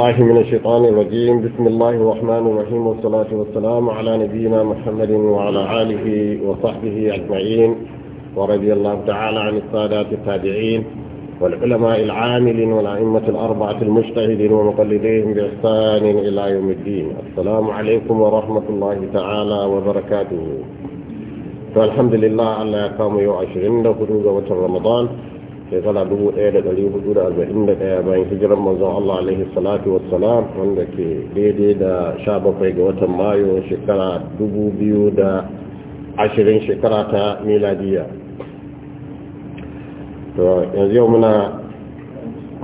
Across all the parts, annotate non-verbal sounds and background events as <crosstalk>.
بالله من الشيطان الرجيم بسم الله الرحمن الرحيم والصلاة والسلام على نبينا محمد وعلى آله وصحبه أجمعين ورضي الله تعالى عن السادات التابعين والعلماء العاملين والأئمة الأربعة المجتهدين ومقلديهم بإحسان إلى يوم الدين السلام عليكم ورحمة الله تعالى وبركاته فالحمد لله على كام يوم 20 وخروج رمضان shekara ɗaya, bayan hijiran manzon Allah alaihi salatu wassalam wanda ke daidai da sha bakwai ga watan mayu shekara dubu biyu da ashirin, shekara ta miladiya to yanzu yau muna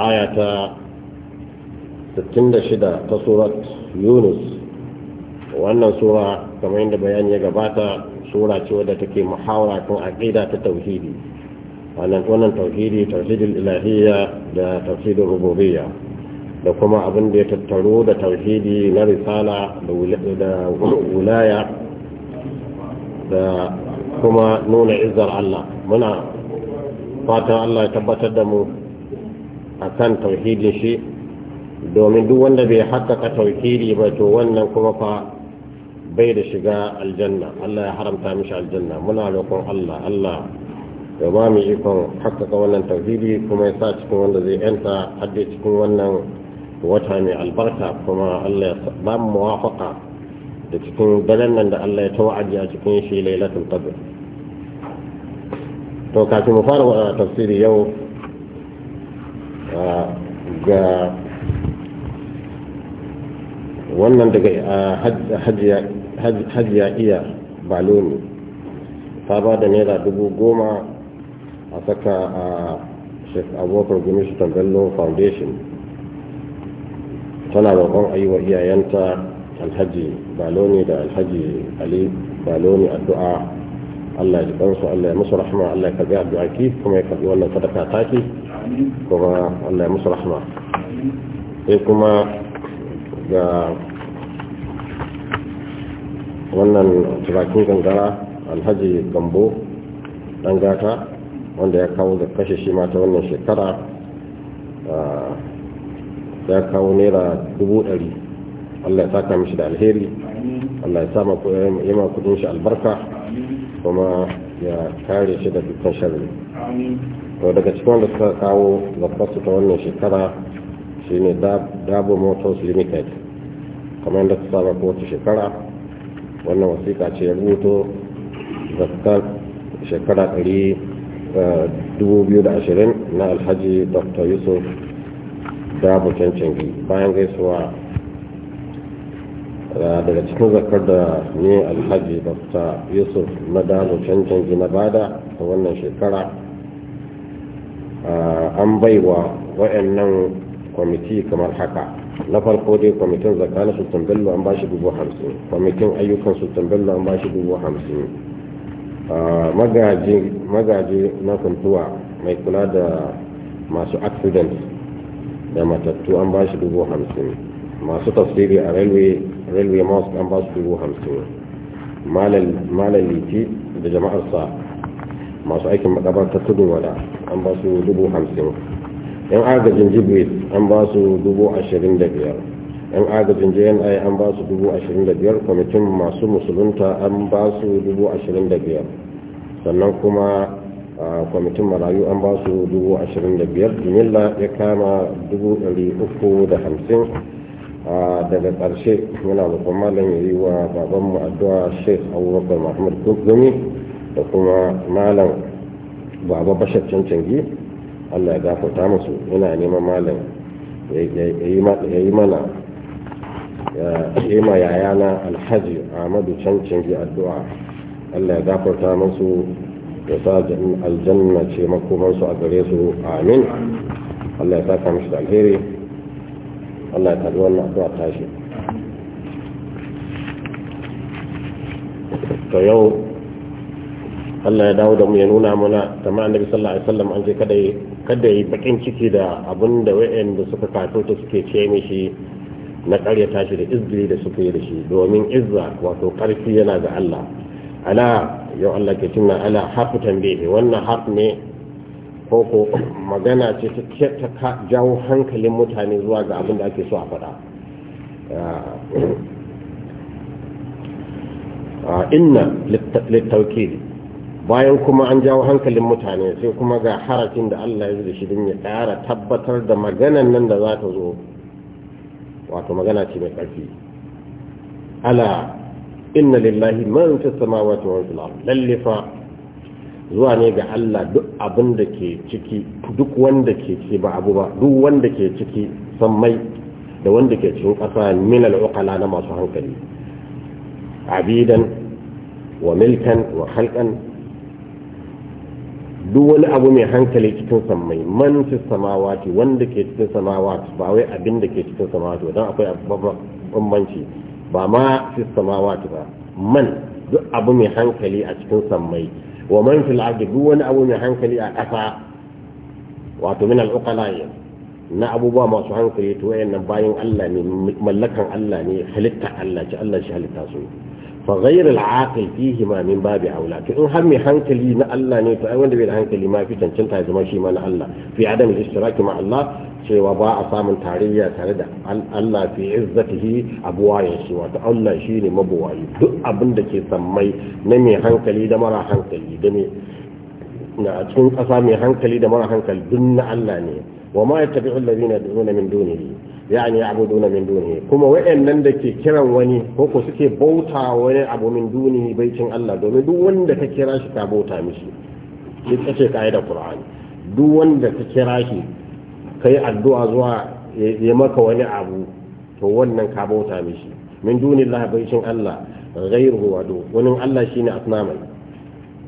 aya ta 66 ta surat yunus wannan sura kamar yadda bayani ya gabata sura ce wadda take muhawara kan aqida ta tauhidi wannan tauhidi tauhidin ilahiyya da tauhidul rububiyya da kuma abin da ya tattaro da tauhidi na risala da wulaya da kuma nuna izar Allah muna fatan Allah ya tabbatar da mu akan tauhidin shi domin duk wanda bai haƙaƙa tauhidi ba to wannan kuma fa bai da shiga aljanna Allah ya haramta mishi aljanna muna roƙon Allah Allah da ba mu ikon haƙaƙa wannan tauhidi kuma ya sa cikin wanda zai yanta hadde cikin wannan wata mai albarka kuma Allah ya ba mu muwafaqa da cikin daren nan da Allah ya tawa'aji a cikin shi lailatul qadr to kafin mu fara tafsiri yau ah, ga wannan daga ah, hajiya iya baloni ta ba da naira dubu goma a saka a shek abubakar gumi shi bello foundation tana roƙon a iyayenta alhaji baloni da alhaji ali baloni addu'a allah ya jikansu allah ya musu rahama allah ya karbi addu'a ki kuma ya karbi wannan sadaka taki kuma allah ya musu rahama sai kuma ga wannan turakin gangara alhaji gambo dan gata wanda ya kawo da kashe shi mata wannan shekara ya kawo naira dubu ɗari allah ya saka mishi da alheri allah ya sama yama kudin shi albarka kuma ya kare shi da dukkan shari'a to daga cikin wanda suka kawo zakarsu ta wannan shekara shine dabo motors limited kamar yadda ta saba kowace shekara wannan wasiƙa ce ya rubuto zakar shekara 2020 na alhaji dr yusuf Dabu Cancanci bayan gaisuwa daga cikin zakar da ne alhaji dr yusuf na Dabu Cancanci na bada a wannan shekara an baiwa wa'annan kwamiti kamar haka na farko dai kwamitin zakar na sultan bello an ba shi dubu hamsin kwamitin ayyukan sultan bello an ba shi dubu hamsin magaji na kuntuwa mai kula da masu accident da matattu an ba shi dubu hamsin masu tafsiri a railway mosque an ba su dubu hamsin malaliki da jama'arsa masu aikin ta tudu wada an ba su dubu hamsin yan agajin jibril an ba su dubu ashirin da biyar yan agajin jni an ba su 25,000 kwamitin masu musulunta an ba su 25,000 sannan kuma kwamitin marayu an ba su 25,000 jimilla ya kama 350 daga ƙarshe yana babban malam ya yi wa babanmu addu'a sheikh abubakar mahmud gumi da kuma malam baba bashar cancangi allah ya gafarta musu yana neman malam ya yi mana ima na alhaji ahmadu can canji addu'a allah ya gafarta musu ya sa aljanna ce makomansu a gare su amin allah ya sa saka mishi da alheri allah ya kaɗi wannan addu'a tashi ta yau allah ya dawo da mu ya nuna mana ta kamar annabi sallallahu alaihi wasallam an je kada kada yi bakin ciki da abin da wa'in da suka kato ta suke ce mishi na karya shi da izgiri da suka yi da shi domin izza wato ƙarfi yana ga Allah ala yau Allah ke tuna ala haku tambaye wannan hak ne ko ko magana ce ta jawo hankalin mutane zuwa ga abin da ake so a faɗa ah, ah, inna littaukili bayan kuma an jawo hankalin mutane sai kuma ga harafin da Allah ya zuba shi don ya ƙara tabbatar da maganan nan da za ta zo wato magana ce mai ƙarfi ala inna lillahi man fi samawati wa fil ard lallifa zuwa ne ga Allah duk abin da ke ciki duk wanda ke ciki ba abu ba duk wanda ke ciki sammai da wanda ke cikin ƙasa min al na masu hankali abidan wa milkan wa halqan duk wani abu mai hankali cikin sammai man fi samawati wanda ke cikin samawati ba wai abin da ke cikin samawati don akwai bambanci ba ma fi samawati ba man duk abu mai hankali a cikin sammai wa man fi ardi duk wani abu mai hankali a ƙasa wato min al na abubuwa masu hankali to wayannan bayan Allah ne mallakan Allah ne halitta Allah ce Allah shi halitta su fa ghayr al-aqil fihi ma min babi aula to in har mai hankali na Allah ne to ai wanda bai da hankali ma fi cancanta zama shi ma na Allah fi adam al-ishtiraki ma Allah cewa ba a samun tarayya tare da Allah fi izzatihi abuwayen shi wato Allah shine mabuwayi duk abin da ke sammai na mai hankali da mara hankali da mai na cikin ƙasa mai hankali da mara hankali duk na Allah ne wa ma yattabi'u allazina yad'una min dunihi yani abuduna min dunihi kuma wayannan da ke kiran wani ko ko suke bauta wani abu min dunihi baicin Allah domin duk wanda ka kira shi ka bauta mishi duk kace kaidar Qur'ani duk wanda ka kira shi kai addu'a zuwa ya maka wani abu to wannan ka bauta mishi min dunillahi baicin Allah ghairuhu wa du wani Allah shine asnamai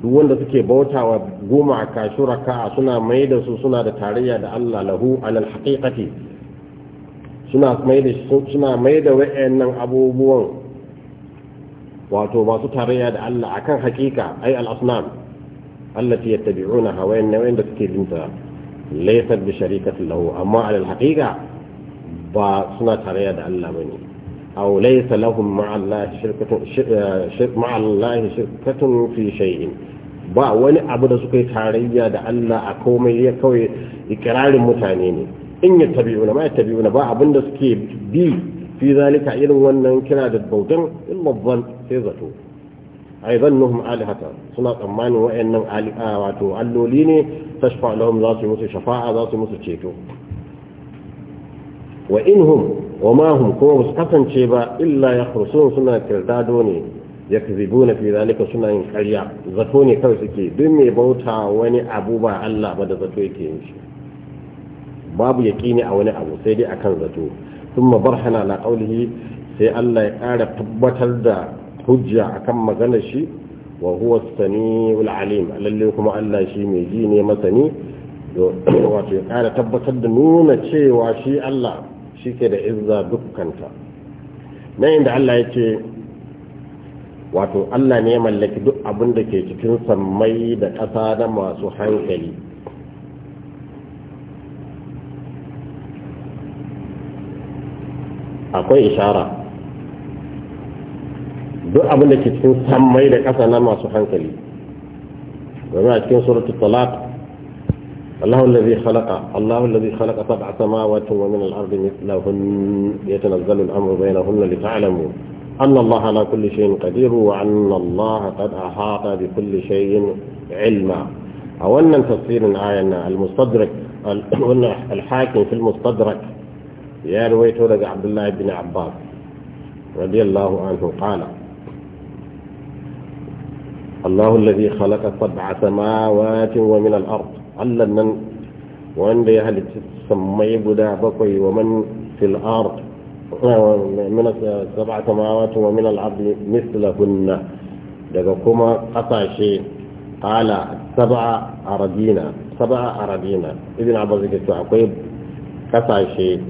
duk wanda suke bautawa goma a kashura ka'a suna mai da su suna da tarayya da Allah lahu alal haqiqati suna mai da wa'annan wayannan abubuwan wato masu tarayya da Allah akan hakika ai al-asnam allati yattabi'una hawayen nawayin da suke binta laifar da sharikatin lahu amma ala al ba suna tarayya da Allah ba ne. laysa lahum ma'a ma'allahi eh, shirkatun fi shay'in ba wani abu da suka yi tarayya da Allah a komai ya kawai ikirarin mutane ne in yattabi'una ma yattabi'una ba abinda suke bi fi zalika irin wannan kira da bautan illa sai zato ai zannuhum alihata suna tsammanin wayannan ali'a wato alloli ne tashfa lahum za su musu shafa'a za su musu ceto wa inhum wa ma hum kuma su kasance ba illa yakhrusun suna kirdado ne ya fi zalika suna yin ƙarya zato ne kawai suke duk mai bauta wani abu ba Allah ba da zato yake yin shi babu yaqini a wani abu sai dai akan zato thumma barhana ala qawlihi sai Allah ya ƙara tabbatar da hujja akan maganar shi wa huwa as alim lalle kuma Allah shi mai ji ne masani <clears throat> wato ya ƙara tabbatar da nuna cewa shi Allah shi ke da izza dukkanta nan inda Allah ya ce wato Allah ne ya mallaki duk abin da ke cikin sammai da ƙasa na masu hankali akwai ishara duk abin da ke cikin sammai da ƙasa na masu hankali domin a cikin suratul talaq الله الذي خلق الله الذي خلق سبع سماوات ومن الأرض مثلهن يتنزل الأمر بينهن لتعلموا أن الله على كل شيء قدير وأن الله قد أحاط بكل شيء علما ان تفسير آية المستدرك الحاكم في المستدرك يا رويته لك عبد الله بن عباس رضي الله عنه قال الله الذي خلق سبع سماوات ومن الأرض من وأن يهل سمي بدا بقي ومن في الأرض من سبع سماوات ومن الأرض مثلهن لكما قطع شيء قال سبع أراضينا سبع أراضينا ابن عباس يقول قطع شيء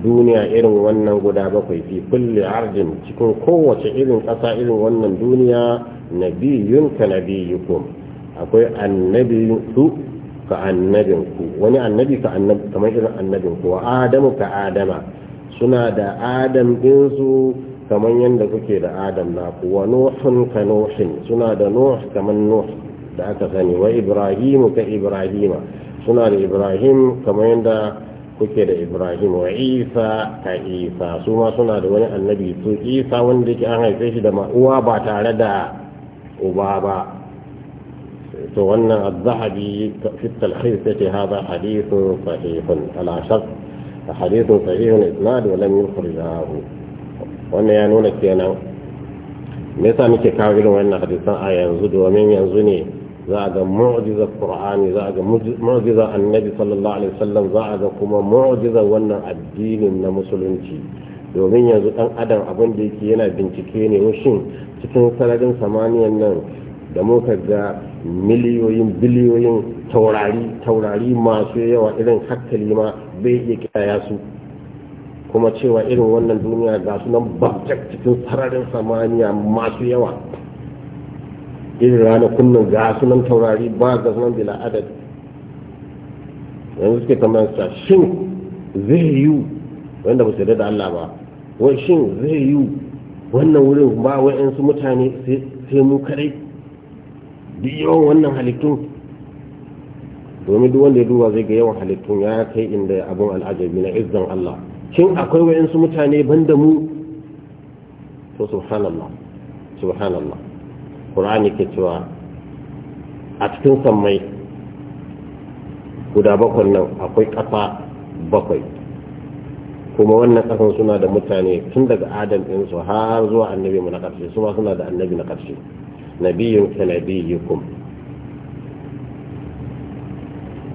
duniya irin wannan guda bakwai fi kulli ardin cikin kowace irin ƙasa irin wannan duniya nabiyun ka nabiyukum akwai annabi ka annabin ku wani annabi ka annabi kamar irin annabin wa adamu ka adama suna da adam din su kamar yadda kuke da adam na ku wa nuhun ka nuhin suna da nuh kamar nuh da aka sani wa ibrahimu ka ibrahima suna da ibrahim kamar yadda kuke da ibrahim wa isa ka isa su ma suna da wani annabi su isa wanda ke an haife shi da uwa ba tare da uba ba to wannan az-zahabi fi talhis yace hada hadithun sahihun ala shart hadithun sahihun isnad wa lam yukhrijahu wannan ya nuna kenan me yasa muke kawo irin wannan hadisan a yanzu domin yanzu ne za a ga mu'jizar qur'ani za a ga mu'jizar annabi sallallahu alaihi wasallam za a ga kuma mu'jizar wannan addinin na musulunci domin yanzu dan adam abin da yake yana bincike ne shin cikin sararin samaniyan nan da muka ga miliyoyin biliyoyin taurari taurari masu yawa irin hankali ma bai iya kiyaya su kuma cewa irin wannan duniya ga su nan cikin sararin samaniya masu yawa irin ranakun nan ga sunan taurari ba ga sunan bila adad yanzu suke tambayar sa shin zai yiwu wanda ba su da Allah ba wai shin zai yiwu wannan wurin ba su mutane sai mu kadai duk yawan wannan halittun domin duk wanda ya duba zai ga yawan halittun ya kai inda abin al'ajabi na izzan Allah shin akwai wa'yansu mutane banda mu to subhanallah subhanallah ƙur'ani ke cewa a cikin sammai guda bakwai nan akwai ƙasa bakwai kuma wannan ƙasan suna da mutane tun daga adam ɗinsu har zuwa annabi mu na ƙarshe su ma suna da annabi na ƙarshe nabiyun ka kuma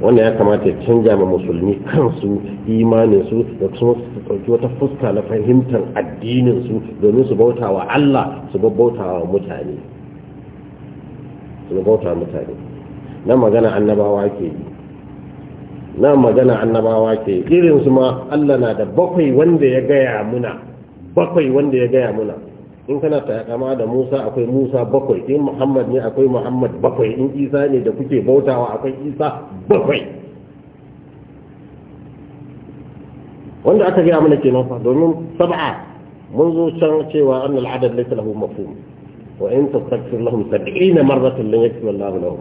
wannan ya kamata ya canja ma musulmi kansu imaninsu da kuma su ɗauki wata fuska na fahimtar addinin su domin su bautawa Allah su wa mutane sun bauta mutane na magana annabawa ke yi nan magana annabawa ke irin su ma Allah na da bakwai wanda ya gaya muna bakwai wanda ya gaya muna in kana ta kama da Musa akwai Musa bakwai in Muhammad ne akwai Muhammad bakwai in Isa ne da kuke bautawa akwai Isa bakwai wanda aka gaya mana kenan fa domin sab'a mun zo can cewa annal adad laysa lahu mafhum وإن تستغفر لهم سبعين مرة لن يكفر الله لهم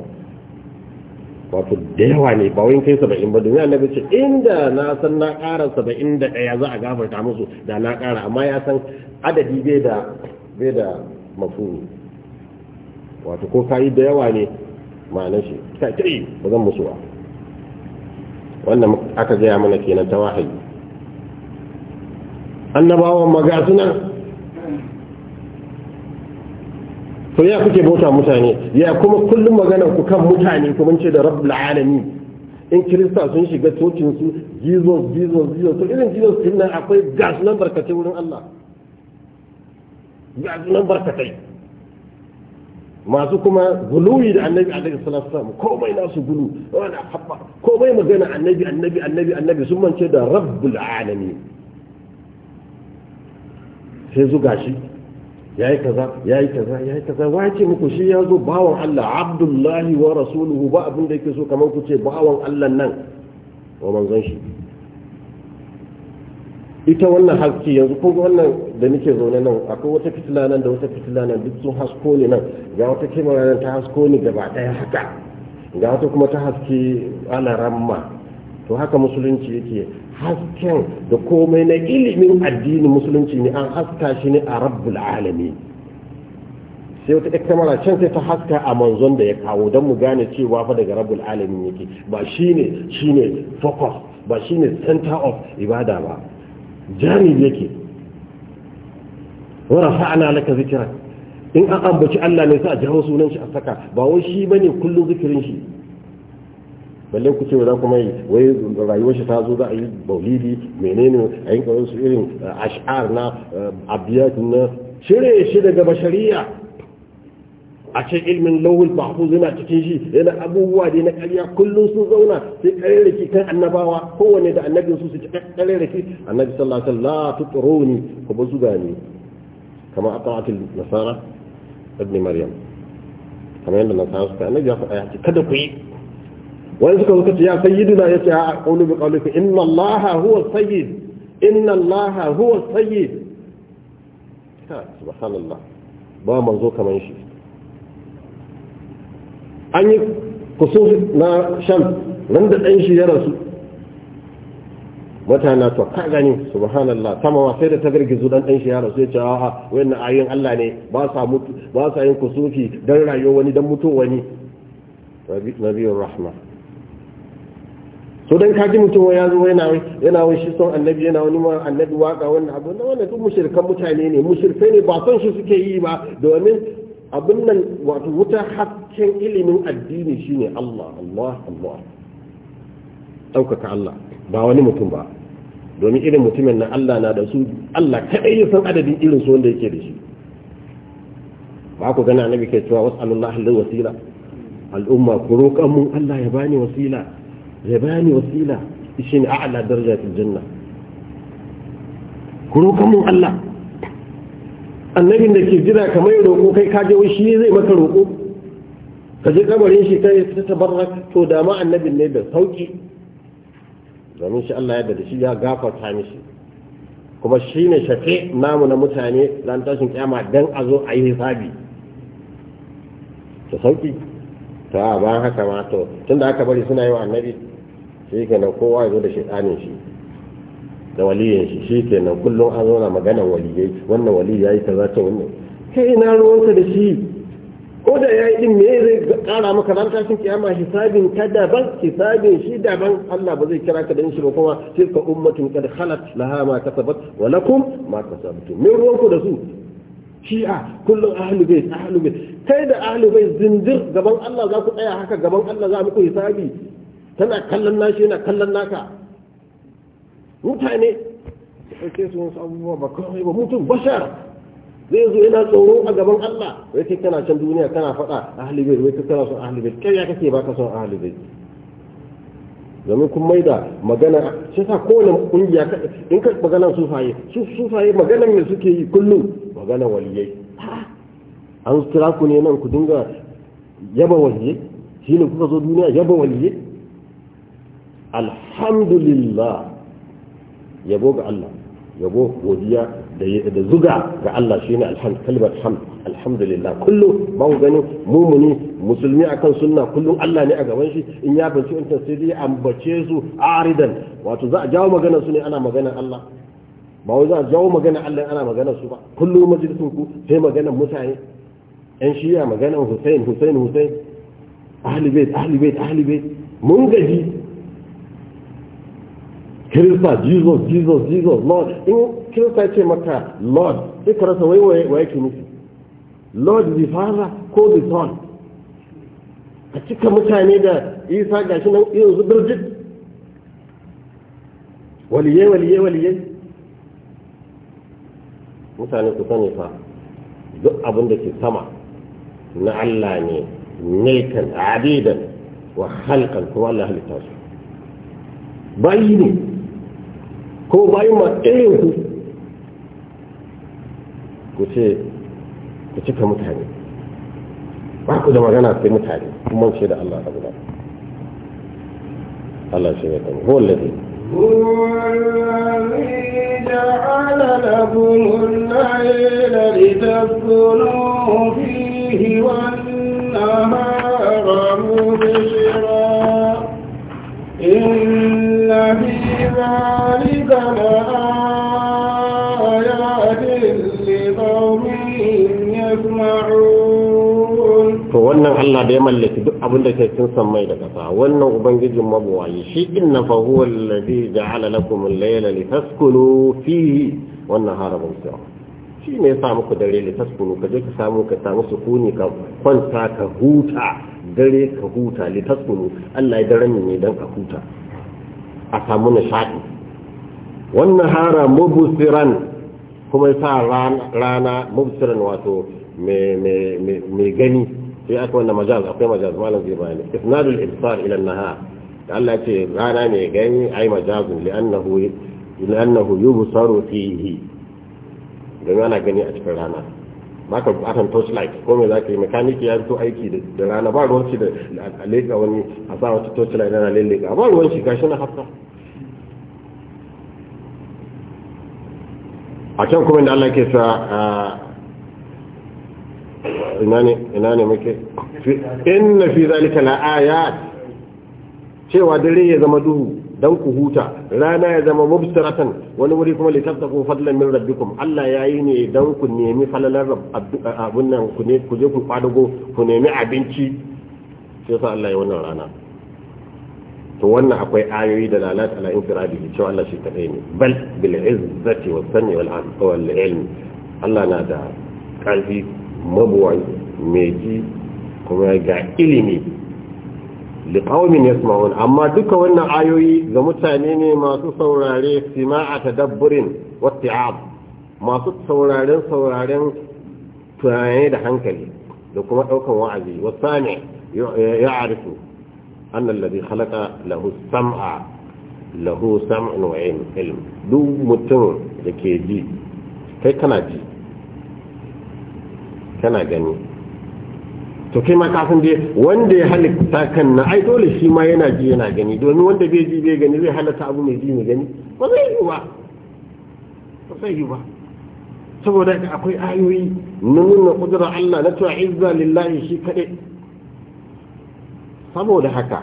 wato da yawa ne ba wayin kai saba'in ba domin annabi ce inda na san na ƙara saba'in da ɗaya za a gafarta musu da na ƙara amma ya san adadi bai da bai da mafuni wato ko kayi da yawa ne ma'anar shi ta tiri ba zan musu ba wannan aka gaya mana kenan ta wahayi annabawan maga suna to ya kuke bauta mutane ya kuma kullum magana ku kan mutane kuma ce da rabbul alamin in kirista sun shiga cocin su jesus jesus jesus to irin jesus din nan akwai gas nan barkatai wurin Allah gas nan barkatai masu kuma guluwi da annabi alaihi salatu wasallam komai su gulu wala habba komai magana annabi annabi annabi annabi sun mance da rabbul alamin sai zuga shi yayi kaza yayi kaza yayi kaza wa ce muku shi ya zo bawan Allah abdullahi wa rasuluhu ba abin da yake so kamar ku ce bawan Allah nan wa manzon shi ita wannan haske yanzu kun wannan da nake zaune nan akwai wata fitila nan da wata fitila nan duk sun hasko ne nan ga wata kimara nan ta hasko ne gaba daya haka ga wata kuma ta haske ana ramma to haka musulunci yake hasken da komai na ilimin addinin musulunci ne an haska shi ne a rabbul alami sai wata kamara can sai ta haska a manzon da ya kawo don mu gane cewa fa daga rabbul alamin yake ba shi ne focus ba ne center of ibada ba jari yake wa rafa'na laka zikrak in an ambaci Allah ne sai a jawo sunan shi a saka ba wai shi bane kullum zikirin shi balle ku ce za kuma yi wai rayuwar shi ta zo za a yi baulidi menene a yin kawai su irin ash'ar na abiyat na shirye shi daga bashariya a ce ilmin lauhul mahfuz yana cikin shi yana abubuwa da na ƙarya kullun sun zauna sai ƙarerake kan annabawa kowanne da annabin su su ci ƙarerake annabi sallallahu alaihi wasallam la tutruni ku ba su gane kama ata'atul nasara ibn maryam kamar yadda nasara suka annabi ya faɗa ya ce kada ku yi wani suka suka ce ya sayyiduna ya ce a qawlu bi qawlika inna allaha huwa sayyid inna allaha huwa sayyid ha subhanallah ba manzo kaman shi an yi kusuf na sham nan da ɗan shi ya rasu mutane to ka gani subhanallah sama ma sai da ta girgizu dan dan shi ya rasu ya ce a'a wayannan ayoyin Allah ne ba sa mutu ba sa yin kusufi dan rayuwa wani dan mutuwa wani nabiyur rahma so dan kaji mutum ya zo wai, yana wani shi son annabi yana wani ma annabi waka wannan abu wannan wannan duk mushrikan mutane ne mushrikai ne ba son shi suke yi ba domin abin nan wato wuta hakken ilimin addini shine Allah Allah Allah ɗaukaka Allah ba wani mutum ba domin irin mutumin nan, Allah na da su Allah kaɗai ya san adadin irin su wanda yake da shi ba ku gana annabi kai cewa wasu alullah wasila al'umma ku roƙan mun Allah ya bani wasila ya bani wasila shi ne a'ala daraja fil janna ku roƙa mun Allah annabin da ke jira kamar roƙo kai ka je shi zai maka roƙo ka je kabarin shi ta tabarrak to da ma annabin ne da sauki domin shi Allah ya da shi ya gafarta mishi kuma shi ne shafe namu na mutane ran tashin kyama dan a zo a yi hisabi da sauki ta bayan haka ma to tunda aka bari suna yiwa wa shi kenan kowa ya zo da shaitanin shi da waliyin shi shi kenan kullum an zauna maganar waliyai wannan wali ya yi kaza ta wannan kai ina ruwanka da shi ko da ya yi me zai kara maka ran tashin kiyama hisabin ka daban hisabin shi daban Allah ba zai kira ka da shi ba kuma tilka ummatun qad khalat laha ma kasabat wa lakum ma kasabtum me ruwanku da su shi'a kullum ahlu bait ahlu bait kai da ahlu bait zindir gaban Allah za ku tsaya haka gaban Allah za ku hisabi tana kallon nashi yana kallon naka mutane su ɗauke su wasu abubuwa ba kawai ba mutum bashar zai zo yana tsoro a gaban Allah wai kai kana can duniya kana faɗa ahli bayt wai kai kana son ahli bayt kai ya kake baka son ahli bayt domin kun mai da magana shi sa kowane kungiya in ka magana sufaye sufaye maganar me suke yi kullum magana waliyai an kira ku ne nan ku dinga yaba waliyai shi ne kuka zo duniya yaba waliyai alhamdulillah yabo ga Allah yabo godiya da zuga ga Allah shine alhamd kalmar hamd alhamdulillah kullu ba ku gani mumuni musulmi akan sunna kullum Allah ne a gaban shi in ya banci in tasiri ambace su aridan wato za a jawo magana su ne ana magana Allah ba wai za a jawo magana Allah ana magana su ba kullum majalisun ku sai magana mutane yan shiya magana Hussein Hussein Hussein ahli bait ahli bait ahli bait mun gaji kirista jesus jesus jesus lord in kirista ce maka lord sai ka rasa waiwaye wa yake nufi lord the father ko the son a cika mutane da isa gashi nan yanzu birjit waliye waliye waliye mutane ku sani fa duk abin da ke sama na allah ne kan abidan wa halkan kuma allah halitta su bayi ne ko bayan ma irin ku ku ce ku cika mutane ba ku da magana sai mutane kuma ce da Allah abu da Allah shi ne kan huwa جعل لكم الليل لتسكنوا فيه والنهار مبشرا إن ذلك لآيات لقوم يسمعون to wannan Allah da ya mallaki duk abinda da ke cin mai da ƙasa wannan ubangijin mabuwayi shi inna fa huwa alladhi ja'ala lakum al-layla litaskunu fihi wan nahara mubsira shi ne ya sa muku dare litaskunu ka je ka samu ka samu sukuni ka kwanta ka huta dare ka huta litaskunu Allah ya daren ne dan ka huta a samu nishaɗi wannan hara mubsiran kuma ya sa rana mubsiran wato mai gani sai aka wanda majaz akwai majaz malam zai bayani isnadul ibsar ila nahar da Allah ce rana mai gani ai majazun li'annahu yubsaru fihi don ana gani a cikin rana maka bukatan torchlight ko me zaka yi mekaniki ya fito aiki da rana ba ruwan shi da aleka wani a sa wata torchlight yana lalleka ba ruwan shi gashi na hafta a can kuma da Allah ke sa ina ne ina ne muke inna fi zalika la ayat cewa dare ya zama duhu dan ku huta rana ya zama mubsiratan wani wuri kuma litaftaku fadlan min rabbikum Allah ya yi ne dan ku nemi falalar abun nan ku ne ku je ku kwadugo ku nemi abinci sai sa Allah ya wannan rana to wannan akwai ayoyi da lalata ala infiradi cewa Allah shi kadai ne bal bil izzati was sami wal wal ilm Allah na da karfi mabuwai meji kuma ga ilimi liqaumin yasma'un amma duka wannan ayoyi ga mutane ne masu saurare sima'a tadabburin watti'ab masu sauraren sauraren tunani da hankali da kuma daukan wa'azi ya ya'rifu anna alladhi khalaqa lahu sam'a lahu sam'un wa ilm duk mutum da ke ji kai kana ji kana gani to kai ma kafin dai wanda ya halitta kan na ai dole shi ma yana ji yana gani domin wanda bai ji bai gani zai halatta abu mai ji mai gani ba zai yi ba ba zai yi ba saboda akwai ayoyi na nuna kudura Allah na cewa izza lillahi shi kaɗai saboda haka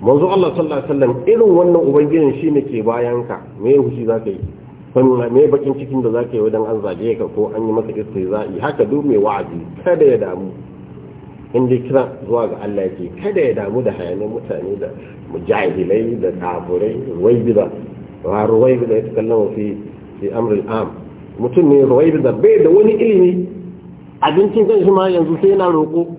manzo Allah sallallahu alaihi wasallam irin wannan ubangijin shine ke bayan ka me yau shi zaka yi san ne bakin cikin da zaka yi wajen an zage ka ko an yi maka yi haka duk mai wa'azi kada ya damu in dai kira zuwa ga Allah yake kada ya damu da hayanin mutane da mujahilai da kafurai ruwaibida ruwai ruwaibida ya takallama fi fi amrul am mutum ne ruwaibida bai da wani ilimi abincin kanshi ma yanzu sai yana roƙo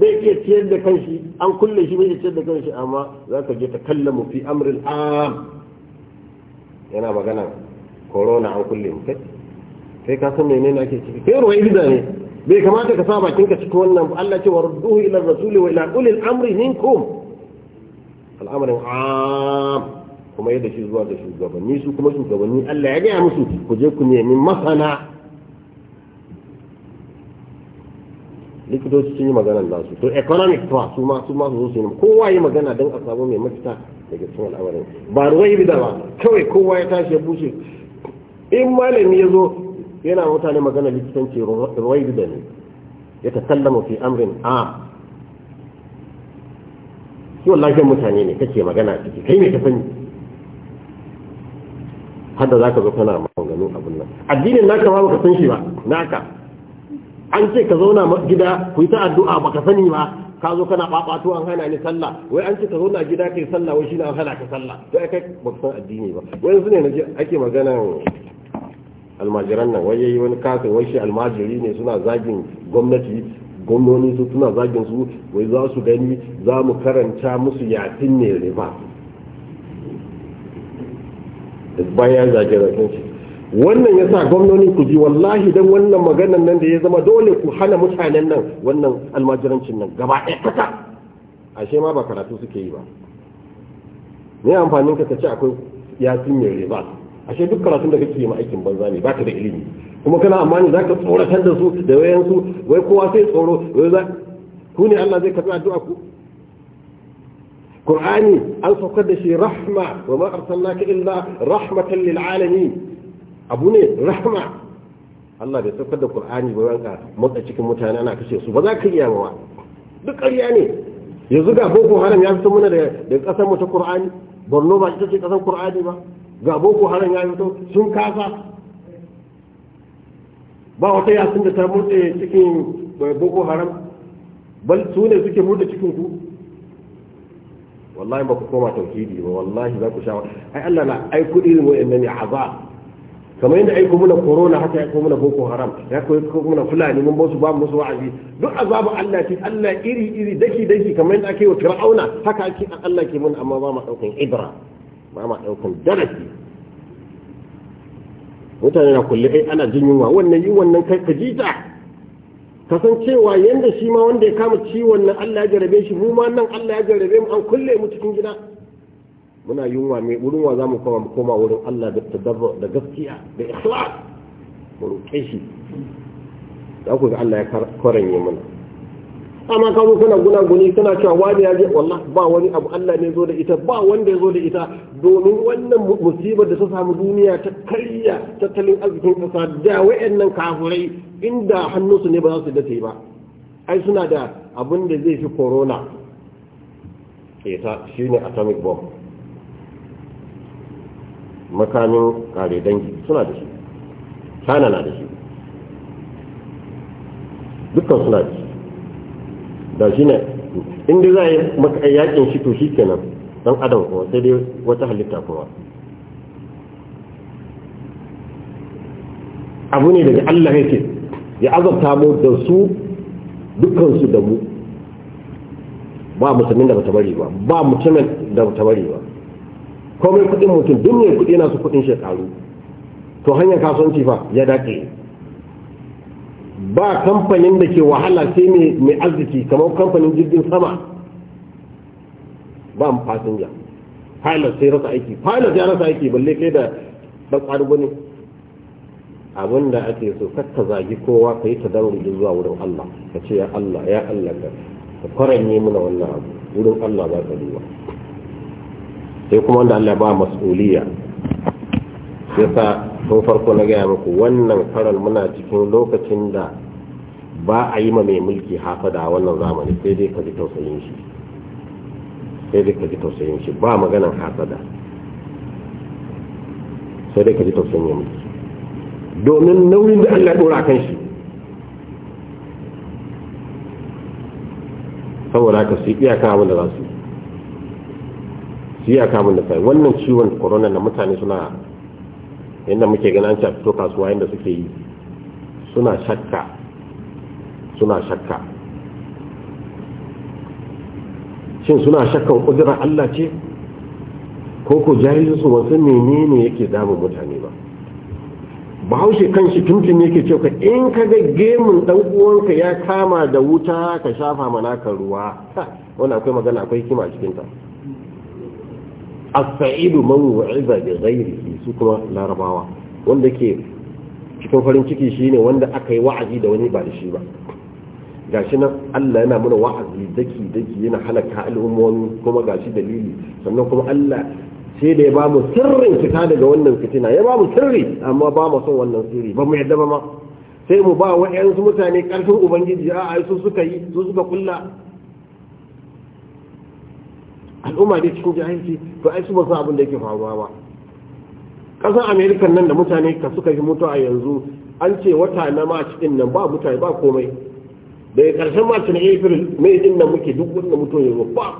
bai iya ciyar da kanshi an kulle shi bai iya ciyar da kanshi amma za ka je ta mu fi amrul am yana magana corona an kulle mu kai kai ka san menene ake ciki kai ruwa ibda ne bai kamata ka sa bakin ka cikin wannan Allah ce warduhu ila rasuli wa ila ulil amri minkum al'amarin am kuma yadda shi zuwa ga shugabanni su kuma shugabanni Allah ya gaya musu ku je ku nemi masana likitoci sun yi maganar nasu to economic fa su ma su ma su zo su yi kowa yi magana don a samu mai mafita daga cikin al'amarin ba ruwa yi bida ba kawai kowa ya tashi ya bushe in malami ya zo yana mutane magana likitanci ruwaidu da ne ya tallama fi amrin a kiwon lafiyar mutane ne kake magana ciki kai ne ka sani hadda za ka zo kana maganganu abin nan addinin naka ba ka san shi ba naka an ce ka zauna gida ku yi ta addu'a ba ka sani ba ka zo kana babato an hana ni sallah wai an ce ka zauna gida kai sallah wai shi na hana ka sallah to kai ka san addini ba wai yanzu ne ake magana almajiran nan wai yayi wani kasa wai shi almajiri ne suna zagin gwamnati gwamnoni su suna zagin su wai za su gani za mu karanta musu yatin ne riba bayan zage zagen shi wannan yasa gwamnoni ku ji wallahi dan wannan maganan nan da ya zama dole ku hana mutanen nan wannan almajirancin nan gaba ɗaya kaka ashe ma ba karatu suke yi ba me amfanin ka ce akwai yasin mai riba ashe duk karatun da kake ma aikin banza ne baka da ilimi kuma kana amma ne zaka tsoratar da su da wayan su wai kowa sai tsoro wai za ku ne Allah zai karbi addu'a ku Qur'ani an saukar da shi rahma wa ma arsalnaka illa rahmatan lil alamin abu ne rahma Allah bai saukar da Qur'ani ba ranka motsa cikin mutane ana kashe su ba za ka iya ba duk ƙarya ne yanzu ga boko haram ya fito muna da kasar mu ta Qur'ani Borno ba ita ce kasar Qur'ani ba ga boko haram ya fito sun kasa ba wata yasin da ta murɗe cikin boko haram bal su ne suke murɗe cikin ku wallahi ba ku koma tauhidi ba wallahi za ku sha ai Allah na aiko irin wa'annan ya azab kamar yadda aiko muna corona haka ya aiko muna boko haram ya kuma muna fulani mun su ba musu wa'azi duk azabu Allah ce Allah iri iri daki daki kamar yadda ake wa fir'auna haka ake Allah ke mun amma ba mu daukan ibra ba ma ɗaukan darasi mutane na kulle ai ana jin yunwa wannan yi wannan kai ka jita kasancewa yanda shi ma wanda ya kama ciwon nan Allah ya jarabe shi mu ma nan Allah ya jarabe mu an kulle mu cikin gida muna yunwa mai wurin wa zamu koma koma wurin Allah da tadarru da gaskiya da ikhlas mu roƙe shi za ku ga Allah ya koranye mana amma ka zo kuna gunaguni suna cewa wani ya je wallah ba wani abu Allah ne zo da ita ba wanda ya zo da ita domin wannan musibar da ta samu duniya ta karya tattalin arzikin kasa da wayannan kafurai inda hannunsu ne ba za su dace ba ai suna da abin da zai fi corona ita shine atomic bomb makamin kare dangi suna da shi China na da shi dukkan suna da shi da shi ne inda za a yi maka yakin shi to shi kenan dan adam kuma sai dai wata halitta kuma abu ne daga Allah yake ya azabta mu da su dukkansu da mu ba musulmin da ba ba mutumin da bata ba komai kudin mutum duk kudi na su kudin shekaru to hanyar kasuwanci fa ya dace ba kamfanin da ke wahala sai mai arziki kamar kamfanin jirgin sama ba fasinja pilot sai rasa aiki pilot ya rasa aiki balle kai da ɗan gwani abin da ake so kakka zagi kowa ka yi ta da zuwa wurin Allah ka ce ya Allah ya Allah ka faran yi mana wannan abu wurin Allah ba ka duba sai kuma wanda Allah ba mas'uliya yasa tun farko na gaya muku wannan karal muna cikin lokacin da ba a yi ma mai mulki hafada a wannan zamani sai dai ka ji tausayin shi sai dai ka ji tausayin shi ba maganan hafada sai dai ka ji tausayin ya mulki domin nauyin da Allah dora kan shi saboda ka su iyaka abin da za su su iyaka abin da sai wannan ciwon corona na mutane suna yadda muke ganin an fito kasuwa yadda suke yi suna shakka suna shakka shin suna shakkan ƙudurar Allah ce ko ko jahilin su wasu menene yake damun mutane ba bahaushe kan shi tuntun yake ce in ka ga gemun dan ya kama da wuta ka shafa mana ruwa wanda akwai magana akwai kima a cikin saidu man wa'iza da su kuma larabawa wanda ke cikin farin ciki shine wanda aka yi wa'azi da wani ba da shi ba gashi nan Allah yana mana wa'azi daki daki yana halaka al'ummomi kuma gashi dalili sannan kuma Allah sai da ya ba mu sirrin fita daga wannan fitina ya ba mu sirri amma ba mu son wannan sirri ba mu yadda ba ma sai mu ba wa'yansu mutane karfin ubangiji a a su suka yi su suka kulla al'umma dai cikin jahilci to ai su ba san abin da yake faruwa ba kasan amerika nan da mutane ka suka yi mutuwa yanzu an ce wata na ma cikin nan ba mutane ba komai da ya karshen martin april mai din da muke duk wanda mutum ya ba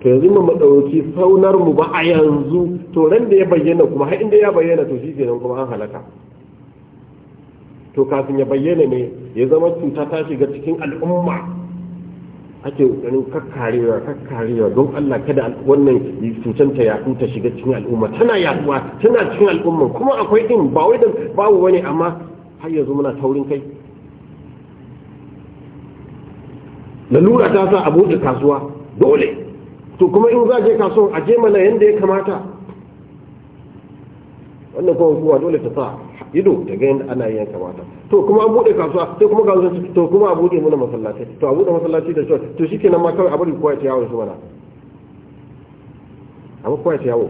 to yanzu ma madauki saunar mu ba a yanzu to ran da ya bayyana kuma har inda ya bayyana to shi kenan kuma an halaka to kafin ya bayyana ne ya zama cuta ta shiga cikin al'umma ake kokarin kakkarewa kakkarewa don Allah kada wannan cutar ta yaku ta shiga cikin al'umma tana yaduwa tana cikin al'umma kuma akwai din ba wai da babu wani amma har yanzu muna taurin kai lalura ta sa a buɗe kasuwa dole to kuma in za je kasuwa a je mana yadda ya kamata wannan kuma kuwa dole ta sa ido ta ga yadda ana yin kamata to kuma an buɗe kasuwa sai kuma ga zuci to kuma a buɗe mana masallaci to a buɗe masallaci da shi to nan ma kawai a bari kowa ta yawo shi mana amma kowa ta yawo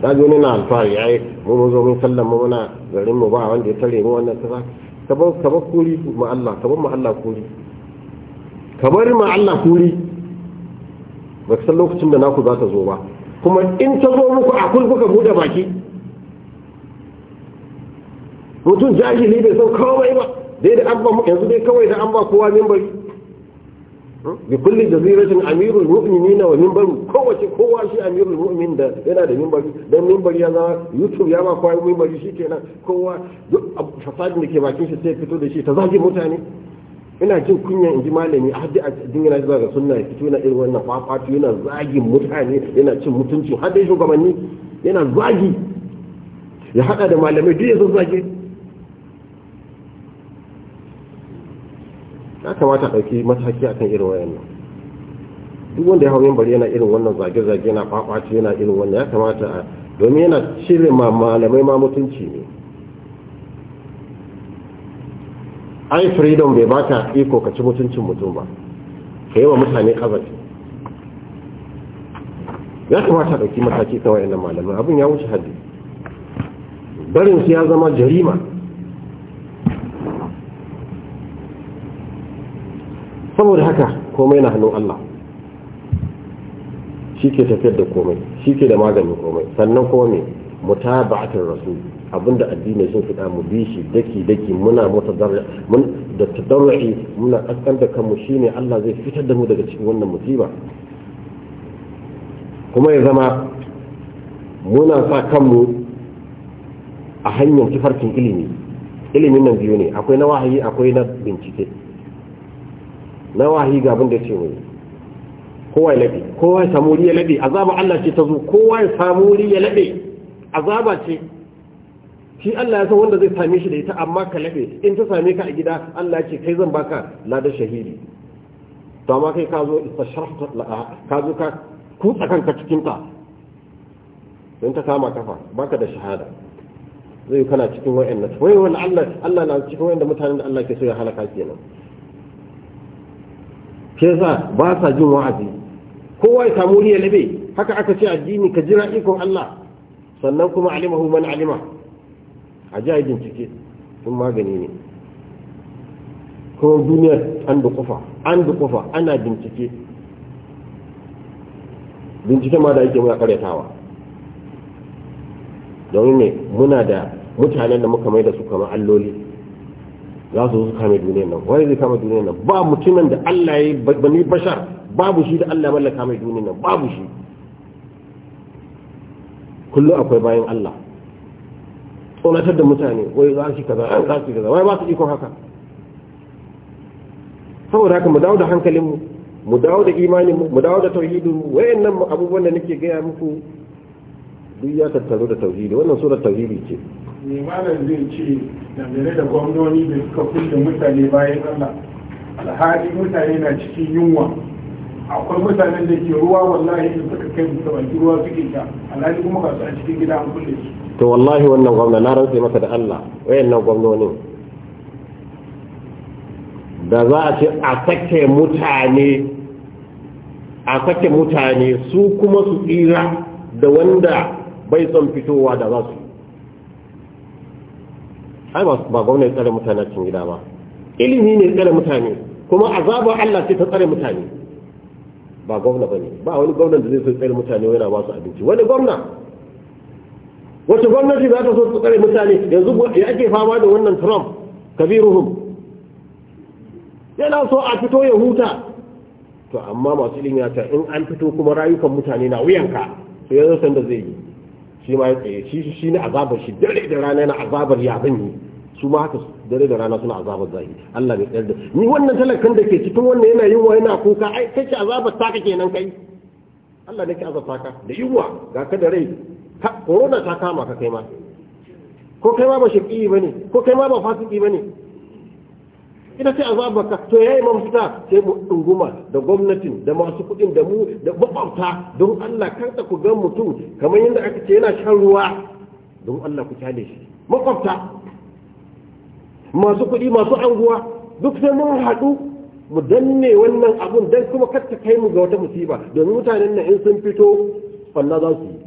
ta ji wani na alfahari ya yi mun zo mun sallan mu muna garin mu ba wanda ya tare mu wannan ta kabar kabar kuri ma Allah kabar ma Allah kuri kamar ma Allah kuri ba san lokacin da naku za ta zo ba kuma in ta zo muku a kun kuka bude baki mutum jahili bai san kawai ba dai da an ba yanzu dai kawai da an ba kowa membari bi kulli jaziratin amirul mu'minin wa minbaru kowace kowa shi amirul mu'min da yana da minbari dan minbari ya zama youtube ya ma kowa minbari shikenan kowa duk fasadin da ke bakin shi sai fito da shi ta zage mutane ina jin kunya in ji malami a haddi a dingina zuwa ga sunna ya fito na irin wannan fafatu yana zagin mutane yana cin mutunci har dai shugabanni yana zagi ya haɗa da malamai duk ya zage ya kamata ɗauki mataki akan irin wayannan duk wanda ya hau yin bari yana irin wannan zage-zage yana fafaci yana irin wannan ya kamata a domin yana cire ma malamai ma mutunci ne ai freedom bai ba ta iko ka ci mutuncin mutum ba ka yi wa mutane ƙazafi ya kamata ɗauki mataki kan wayannan malamai abin ya wuce haddi barin su ya zama jarima saboda haka komai na hannun Allah shi ke tafiyar da komai shi ke da maganin komai sannan kuma mai mutaba'atul rasu abinda addini sun fida mu bi shi daki daki muna mota mun da tadarri muna kaskan da kanmu shine Allah zai fitar da mu daga cikin wannan musiba kuma ya zama muna sa kanmu a hanyar tafarkin ilimi ilimin nan biyu ne akwai na wahayi akwai na bincike na wahi ga abin da ce wani kowa ya laɓe kowa ya samu wuri ya laɓe azaba Allah ce ta zo kowa ya samu wuri ya laɓe azaba ce shi Allah ya san wanda zai same shi da ita amma ka laɓe in ta same ka a gida Allah ya ce kai zan baka ladar shahidi to amma kai ka zo istasharta ka zo ka kutsa kanka cikin ta don ta kama kafa baka da shahada zai kana cikin wa'annan wai wani Allah Allah na cikin wa'annan mutanen da Allah ke so ya halaka kenan ke yasa ba sa jin wa'azi kowa ya samu riya labe haka aka ce addini ka jira ikon Allah sannan kuma alimahu man alima a ji bincike sun magani ne kuma duniyar an kufa an kufa ana bincike bincike ma da yake muna karyatawa don ne muna da mutanen da muka mai da su kamar alloli za su zo kame duniyar nan wani zai kama duniyar nan ba mutumin da Allah ya yi bani bashar babu shi da Allah mallaka mai duniyar nan babu shi kullu akwai bayan Allah tsonatar da mutane wai za su kaza an za su kaza wai ba su ikon haka saboda haka mu dawo da hankalinmu mu dawo da imanin mu dawo da tauhidin mu tauhidinmu nan abubuwan da nake gaya muku duk ya tattaro da tauhidi wannan surar tauhidi ce limanin zai ce dangane da gwamnoni da suka kulle mutane bayan allah alhali mutane na cikin yunwa akwai mutanen da ke ruwa wallahi da suka kai musu baki ruwa suke sha alhali kuma ba su a cikin gida an kulle su to wallahi wannan gwamna na rantse maka da allah nan gwamnonin da za a ce a sake mutane a sake mutane su kuma su tsira da wanda bai son fitowa da za su ai ba gwamnati tsare mutane cikin gida ba ilimi ne tsare mutane kuma azabu Allah ce ta tsare mutane ba gwamna bane ba wani gwamna da zai so tsare mutane yana ba su abinci wani gwamna wace gwamnati za ta so ta tsare mutane yanzu ya ake fama da wannan Trump kabiruhum yana so a fito ya huta to amma masu ilimi ya ta in an fito kuma rayukan mutane na wuyanka to yanzu san da zai yi shi ma ya tsaye shi shi ne azabar shi dare da rana yana azabar ya zan yi su ma haka dare da rana suna azabar zahiri Allah bai tsayar da ni wannan talakan da ke cikin wannan yana yunwa yana kuka ai ce azabar taka nan kai Allah ne nake azabta ka da yunwa ga ka da rai corona ta kama ka kai ma ko kai ma ba shaqi bane ko kai ma ba fasiki bane ita ce azabaka to yayi mafita sai mu dunguma da gwamnatin da masu kuɗin da mu da babauta don Allah kanta ku ga mutum kamar yadda aka ce yana shan ruwa don Allah ku kyale shi makwabta masu kuɗi masu anguwa duk sai mun haɗu mu danne wannan abun dan kuma kar kai mu ga wata musiba domin mutanen nan in sun fito wannan za su yi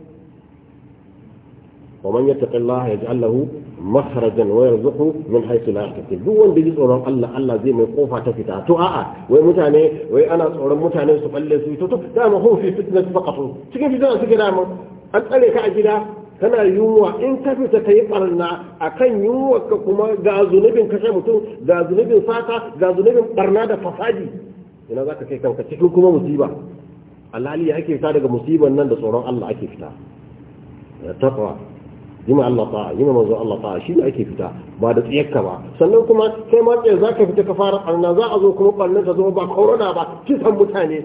wa man yattaqillaha yaj'al lahu makharajan wa yarzuqu min haythu la yahtasib duk wanda ji tsoron Allah Allah zai mai kofa ta fita to a'a wai mutane wai ana tsoron mutane su balle su to to dama hum fi fitnati faqatu cikin fitna suke dama an tsare ka a gida kana yunwa in ka fita ka yi barna a kan yunwa ka kuma ga zunubin kashe mutum ga zunubin sata ga zunubin barna da fasadi ina za ka kai kanka cikin kuma musiba alhali ya ake fita daga musiban nan da tsoron Allah ake fita taqwa yi ma Allah ta'a yi manzo Allah ta'a shi ne ake fita ba da tsiyakka ba sannan kuma kai ma zaka zaka fita ka fara ɓarna za a zo kuma ɓarnar ta zama ba korona ba kisan mutane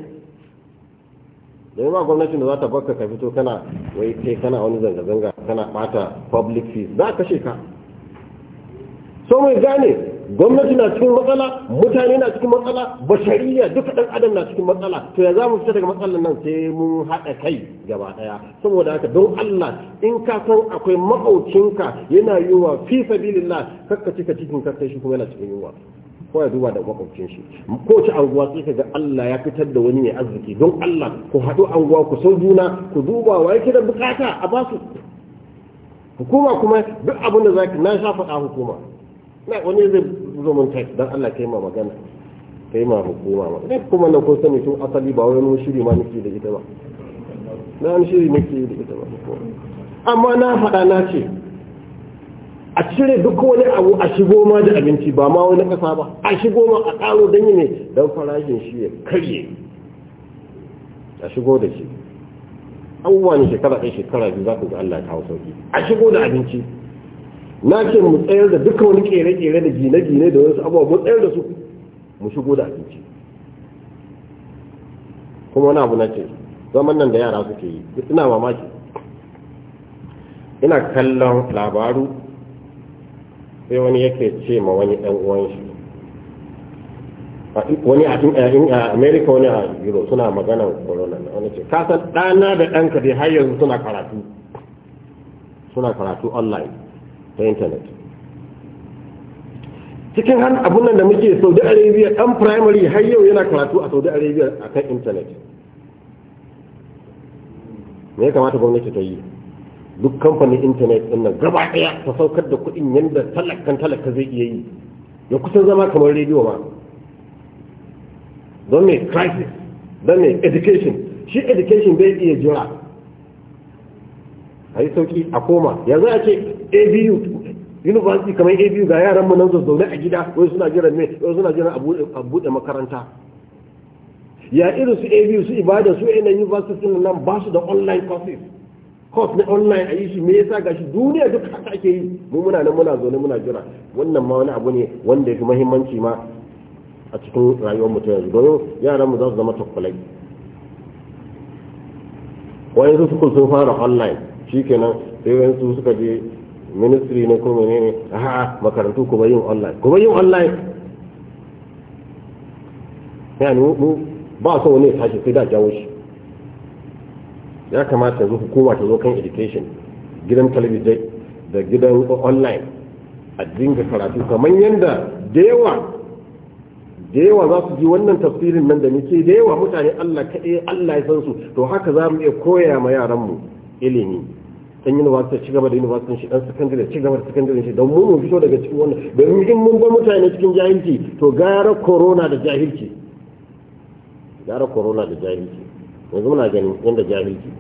da yawa gwamnatin da za ta baka ka fito kana wai kai kana wani zanga-zanga kana bata public fees za ka sheka so mai gane gwamnati na cikin matsala mutane na cikin matsala bashariya duk dan adam na cikin matsala to ya za mu fita daga matsalar nan sai mun haɗa kai gaba ɗaya saboda haka don Allah in ka san akwai ka yana yiwa fi sabilillah kakka cika cikin kakkai shi kuma yana cikin yiwa ko ya duba da makaucin shi ko ci anguwa sai ga Allah ya fitar da wani mai arziki don Allah ku haɗu anguwa ku san juna ku duba wa yake da bukata a basu hukuma kuma duk abin da zaki na sha hukuma na wani zai zo mun tai dan Allah kai ma magana kai ma hukuma ma ne kuma na ko sani tun asali ba wani shiri ma nake da ita ba na an shiri nake da ita ba amma na faɗa na ce a cire duk wani abu a shigo ma da abinci ba ma wani ƙasa ba a shigo ma a ƙaro dan yi ne don farashin shi ya karye a shigo da shi abubuwa ne shekara ɗaya shekara biyu za ku ga Allah ya kawo sauki a shigo da abinci na ce mu tsayar da duka wani kere-kere da gine-gine da wasu abubuwa mu tsayar da su mu shigo da abinci kuma wani abu na ce zaman nan da yara suke yi ina mamaki ina kallon labaru sai wani yake ce ma wani ɗan uwan shi wani a amerika wani a euro suna magana corona wani ce kasan ɗana da ɗanka dai har yanzu suna karatu suna karatu online ta intanet cikin har abun nan da muke saudi arabia dan primary har yau yana karatu a saudi arabia a kan intanet me ya kamata gwamnati ta yi duk kamfanin intanet din nan gaba daya ta saukar da kuɗin yadda talakan talaka zai iya yi ya kusan zama kamar rediyo ma don ne crisis don ne education shi education bai iya jira a yi sauki a koma yanzu a ce abu university kamar abu ga yaran mu nan su zaune a gida wai suna jiran ne wai suna jiran a buɗe makaranta ya irin su abu su ibada su yanayin university sun nan ba su da online courses course na online a yi shi me yasa gashi duniya duk haka ake yi mu muna nan muna zaune muna jira wannan ma wani abu ne wanda ya fi muhimmanci ma a cikin rayuwar mu ta yanzu domin yaran mu za su zama takkulai wayansu su sun fara online shikenan sai su suka je ministry ne ko ne ha makarantu kuma yin online kuma yin online ya ni mu ba so ne tashi sai da jawo shi ya kamata yanzu hukuma ta zo kan education gidan talibijai da gidan online a dinga karatu kamar yadda da yawa da yawa za su ji wannan tafsirin nan da nake da yawa mutane Allah kaɗai Allah ya san su to haka za mu iya koya ma yaranmu ilimi dan university ci gaba da university shi dan secondary ci gaba da secondary shi don mu mu fito daga cikin wannan domin in mun ba mutane cikin jahilci to gara corona da jahilci gara corona da jahilci yanzu muna ganin yanda jahilci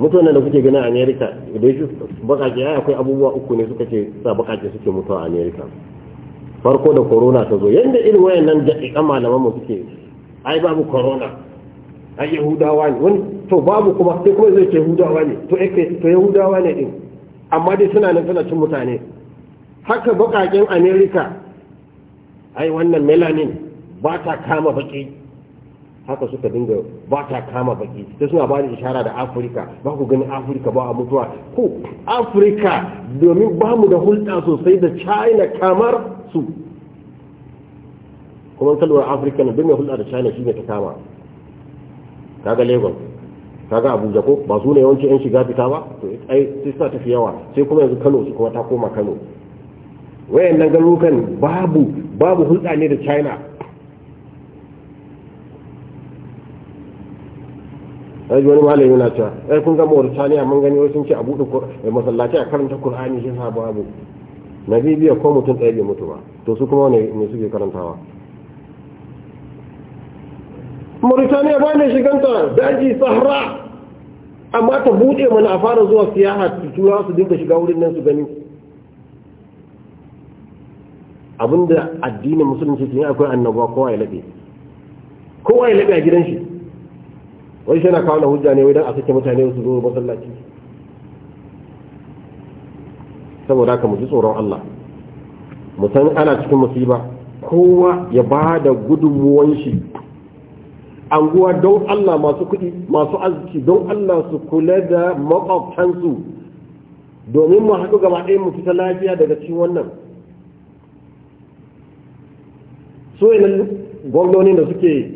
mutanen da kuke gani a America da shi bakake ai akwai abubuwa uku ne suka ce sa bakake suke mutuwa a America farko da corona ta zo yanda irin wayannan da malaman mu suke ai babu corona a yahudawa ne wani to babu kuma sai kuma zai ce yahudawa ne to ake to yahudawa ne din amma dai suna nan suna cin mutane haka bakakin america ai wannan melanin ba ta kama baki haka suka dinga ba ta kama baki sai suna bani ishara da afirka ba ku gani afirka ba a mutuwa ko afirka domin ba mu da hulɗa sosai da china kamar su kuma kalwar afirka na don hulɗa da china shi ne ta kama kaga lagos kaga abuja ko ba su ne yawanci yan shiga fita ba to ai sai sa tafi yawa sai kuma yanzu kano su kuma ta koma kano wayan nan garurukan babu babu hulɗa ne da china sai wani malami na cewa ai kun ga Mauritania mun gani wasu sun ce a buɗe eh, masallaci a karanta Qur'ani shi sa babu na bibiya ko mutum ɗaya bai mutu ba to su kuma ne suke karantawa mauritaniya ba ne shiganta daji sahara amma ta buɗe mana a fara zuwa siyaha tutura su dinga shiga wurin nan su gani abinda addinin musulunci sun yi akwai annabuwa kowa ya laɓe kowa ya laɓe a gidan shi wani shi na kawo na hujja ne wadda a sake mutane su zo masallaci saboda haka mu ji tsoron Allah mu san ana cikin musiba kowa ya ba da gudunmuwan shi anguwa don Allah masu kuɗi masu arziki don Allah su kula da makwabtansu domin mu haɗu gaba ɗaya mu fita lafiya daga cikin wannan so ina gwamnoni da suke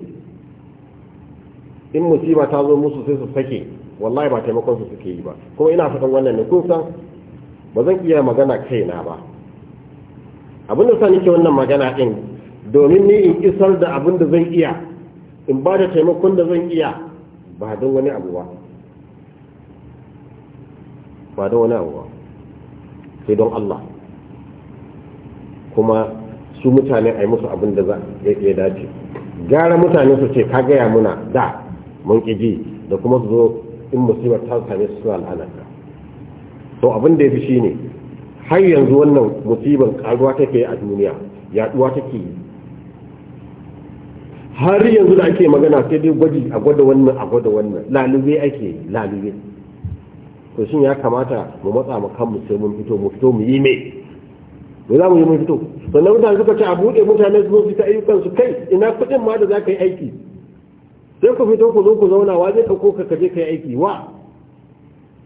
in musiba ta zo musu sai su sake wallahi ba taimakon su suke yi ba kuma ina fatan wannan ne kun san ba zan iya magana kaina ba abin da sa nake wannan magana ɗin domin ni in isar da abin da zan iya in ba da taimakon da zan iya ba don wani abu ba ba don wani abu ba sai don Allah kuma su mutane a yi musu abin da za a ya dace gara mutane su ce ka gaya muna da mun ƙiji da kuma su zo in musibar ta same su suna al'adarka to abin da ya fi shi ne har yanzu wannan musibar karuwa take a duniya yaduwa take har yanzu da ake magana sai dai gwaji a gwada wannan a gwada wannan lalube ake lalube to shin ya kamata mu matsa mu kanmu sai mun fito mu fito mu yi me me za mu yi mun fito sannan mutane suka ce a buɗe mutane su zo su ta ayyukan su kai ina kuɗin ma da za ka yi aiki sai ku fito ku zo ku zauna wa zai ɗauko ka kaje ka yi aiki wa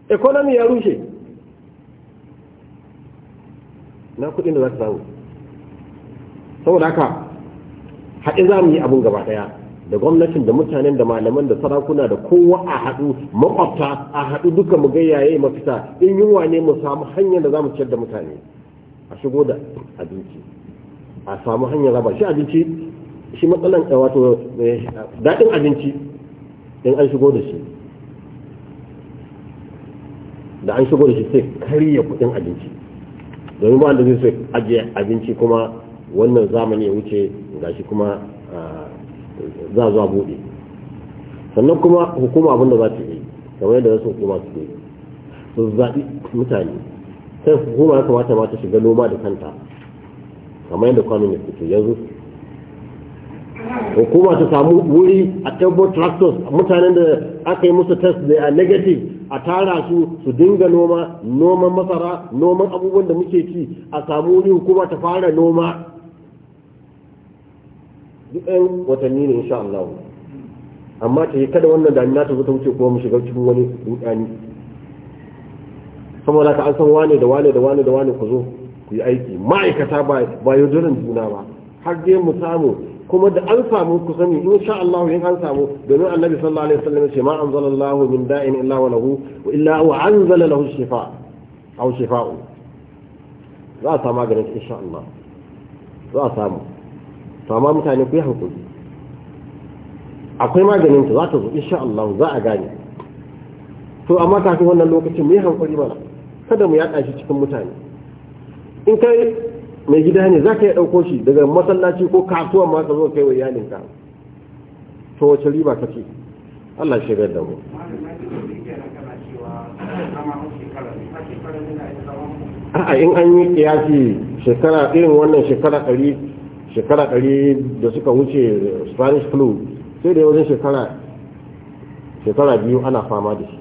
economy ya rushe na kuɗin da za ka samu saboda haka haɗe za mu yi abun gaba ɗaya da gwamnatin da mutanen da malaman da sarakuna da kowa a haɗu makwabta a haɗu duka mu gayyaye mafita in yunwa ne mu samu hanyar da za mu ciyar da mutane a shigo da abinci a samu hanyar raba shi abinci shi matsalan eh, wato eh, daɗin abinci in an shigo da shi da an shigo da shi sai karya kuɗin abinci domin ba da zai sai ajiye abinci kuma wannan zamani ya wuce ga shi kuma za zuwa buɗe sannan kuma hukuma abin da za ta yi kamar yadda wasu hukuma su yi su zaɓi mutane sai hukuma ya kamata ma ta shiga noma da kanta kamar yadda kwanon ya fito yanzu hukuma ta samu wuri a tabbo tractors mutanen da aka yi musu test da a negative a tara su su dinga noma noman masara noman abubuwan da muke ci a samu wuri hukuma ta fara noma duk ɗan watanni ne insha Allah amma ta yi kada wannan damina ta zata wuce kuma mu shiga cikin wani rudani saboda ka an san wane da wane da wane da wane ku zo ku yi aiki ma'aikata ba ba yaudaran juna ba har dai mu samu kuma da an samu ku sani insha Allah in an samu domin annabi sallallahu alaihi wasallam ya ce ma anzalallahu min da'in illa wa lahu wa illa wa anzala lahu shifa aw shifa za a samu maganin insha Allah za a samu to amma mutane ku yi hankali akwai maganin ta za ta zo insha Allah za a gane to amma kafin wannan lokacin mu yi hankali mana kada mu yaɗa shi cikin mutane in kai mai gida ne za ka yi ɗauko shi daga masallaci ko kasuwa ma ka zo kai wa iyalinka to wace riba ka ce Allah shi da mu a'a in an yi kiyasi shekara irin wannan shekara ɗari shekara ɗari da suka wuce spanish flu sai da yawon shekara shekara biyu ana fama da shi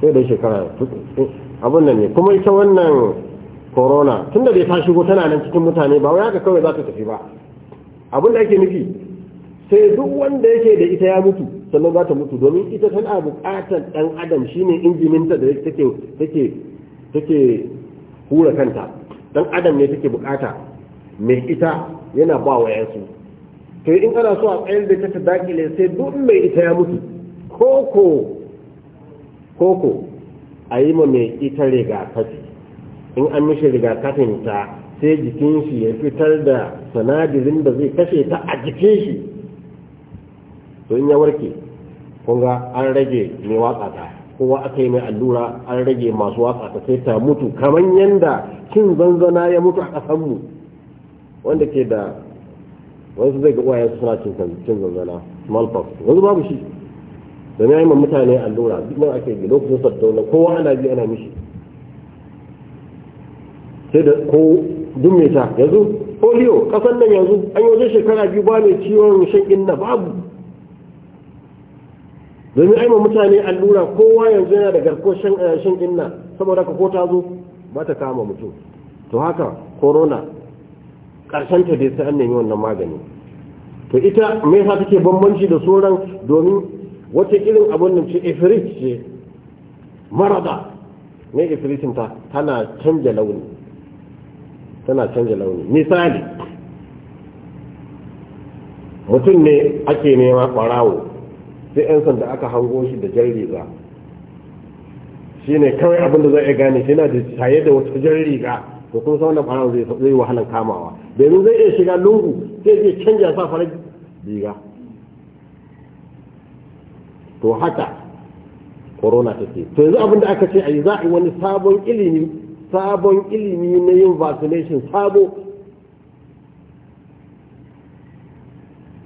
sai da shekara abin nan ne kuma ita wannan corona tun da dai ta shigo tana nan cikin mutane ba wai haka kawai za ta tafi ba abin da ake nufi sai duk wanda yake da ita ya mutu sannan za ta mutu domin ita tana bukatar dan adam shine injininta da take take take hura kanta dan adam ne take bukata. mai ita yana ba wa yansu to in ana so a tsayar da ta ta dakile sai duk mai ita ya mutu koko koko a yi ma mai ita rigakafi in an mishi rigakafin ta sai jikin shi ya fitar da sanadirin da zai kashe ta a jikin shi to in ya warke kunga an rage mai watsa ta kowa aka yi mai allura an rage masu watsa ta sai ta mutu kamar yanda cin zanzana ya mutu a ƙasanmu wanda ke da wasu zai ga uwayen suna cin cin zanzana smallpox wanzu babu shi da ne yi ma mutane allura duk nan ake yi. lokacin na kowa ana bi ana mishi sai da ko duk mai yanzu polio kasan nan yanzu an yi wajen shekara biyu ba mai ciwon shan inna babu domin aima mutane allura kowa yanzu yana da garkuwar shan eh, inna saboda ka ko ta zo ba ta kama mutum to haka corona ta dai sai an nemi wannan magani to ita me yasa take bambanci da sauran domin wata irin abin nan ce ifrit ce marada ne ifritin ta tana canja launi tana canja launi misali mutum ne ake nema ɓarawo sai 'yan sanda aka hango shi da jan riga shi ne kawai abinda za a gane shi na da saye da wata jan riga to kun san wannan fara zai zai wahalan kamawa domin zai iya shiga lungu sai zai canja sa fara Diga. to haka corona take to yanzu abin da aka ce ayi za a yi wani sabon ilimi sabon ilimi na yin vaccination sabo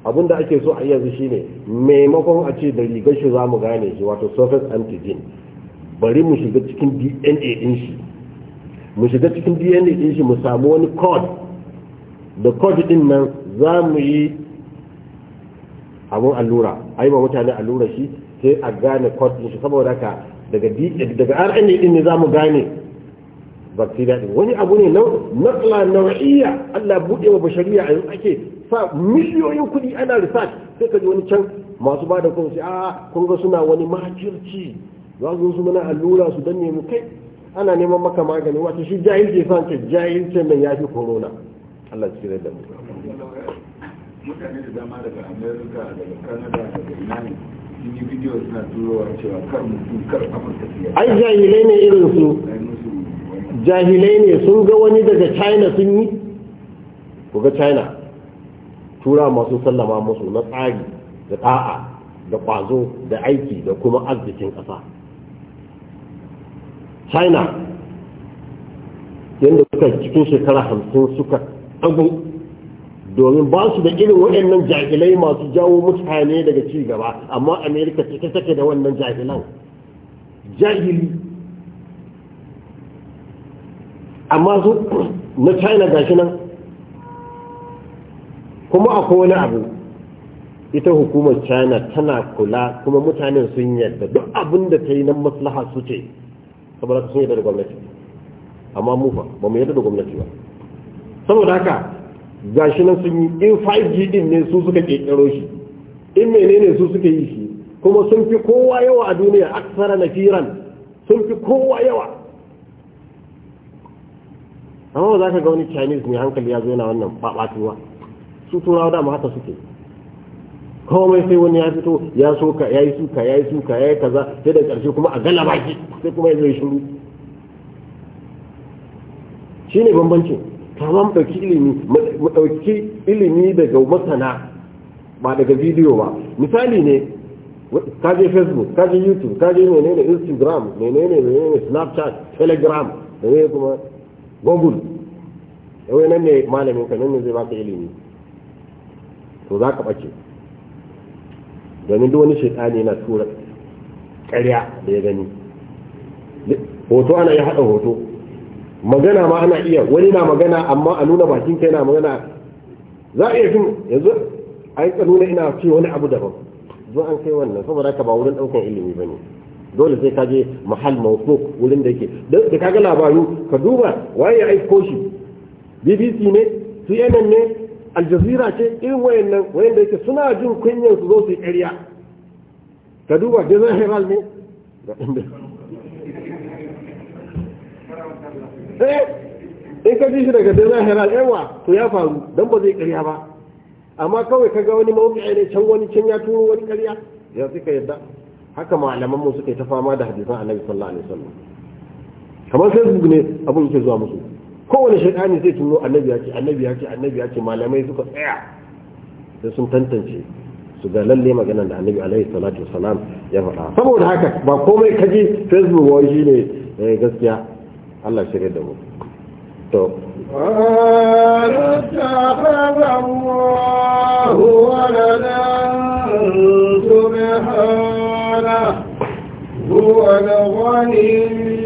abin ake so a yi yanzu shine maimakon a ce da rigar shi za mu gane shi wato surface antigen bari mu shiga cikin dna din shi mu shiga cikin dna din shi mu samu wani code da code din nan za mu yi abun allura a yi ma mutane allura shi sai a gane code din shi saboda ka daga rna din ne za mu gane bacteria din wani abu ne natsala nau'iyya allah buɗe wa bashariya a yanzu ake sa miliyoyin kuɗi ana research sai ka ji wani can masu ba da kuma sai a kun ga suna wani makirci za su zo su mana allura su danne mu kai ana neman maka magani wato shi jahilci san ce jahilci mai ya fi corona Allah shi da mu mutane da dama daga america daga canada daga ina ne sun yi bidiyo suna turowa cewa kar mutum kar amurka ai jahilai ne irin su jahilai ne sun ga wani daga china sun yi ku ga china tura masu sallama musu na tsari da ta'a da kwazo da aiki da kuma arzikin ƙasa china yadda suka cikin shekara hamsin suka abu domin ba su da irin waɗannan jahilai masu jawo mutane daga cigaba gaba amma amerika cike take da wannan jahilan jahili amma su na china gashi nan kuma akwai wani abu ita hukumar china tana kula kuma mutanen sun yarda duk abin da ta yi nan maslaha su ce saboda sun yadda da gwamnati amma mu fa ba mu yadda da gwamnati ba saboda haka gashi nan sun yi in 5G din ne su suka kekero shi in menene su suka yi shi kuma sun fi kowa yawa a duniya aksara na firan sun fi kowa yawa amma za ka ga wani chinese mai hankali ya zo yana wannan babatuwa su turawa dama haka suke komai sai wani ya fito ya soka ya yi suka ya yi suka ya yi kaza sai da ƙarshe kuma a galaba shi sai kuma ya zai shuru shi ne bambanci Ta mu ɗauki ilimi mu ɗauki ilimi daga masana ba daga bidiyo ba misali ne ka je facebook ka je youtube ka je menene instagram menene menene snapchat telegram da ne kuma google yawai nan ne malamin ka nan ne zai baka ilimi to za ka ɓace domin duk wani shekani na tura ƙarya da ya gani hoto ana iya haɗa hoto magana ma ana iya wani na magana amma a nuna bakin kai na magana za a iya fi yanzu a yi nuna ina ce wani abu daban zo an kai wannan saboda ka ba wurin ɗaukan ilimi ba ne dole sai ka je mahal mawsuk wurin da yake da ka ga labaru ka duba waye ya aiko shi bbc ne cnn ne aljazira ce irin wayannan wayanda yake suna jin kunyar su zo su yi ƙarya ka duba jazan herald ne <laughs> eh in ka ji shi daga jazan herald yawa to ya faru don ba zai ƙarya ba amma kawai ka ga wani mawuƙi ne can wani can ya turo wani ƙarya ya suka yadda haka malaman mu suka yi ta fama da hadisan annabi sallallahu alaihi wasallam kamar facebook ne abun yake zuwa musu kowane shaitani zai tuno annabi ya ce annabi ya ce annabi ya ce malamai suka tsaya sai sun tantance su ga lalle magana da annabi alaihi salatu wasalam ya faɗa saboda haka ba komai je facebook shi shine eh, gaskiya Allah shirya da mu to هو الغني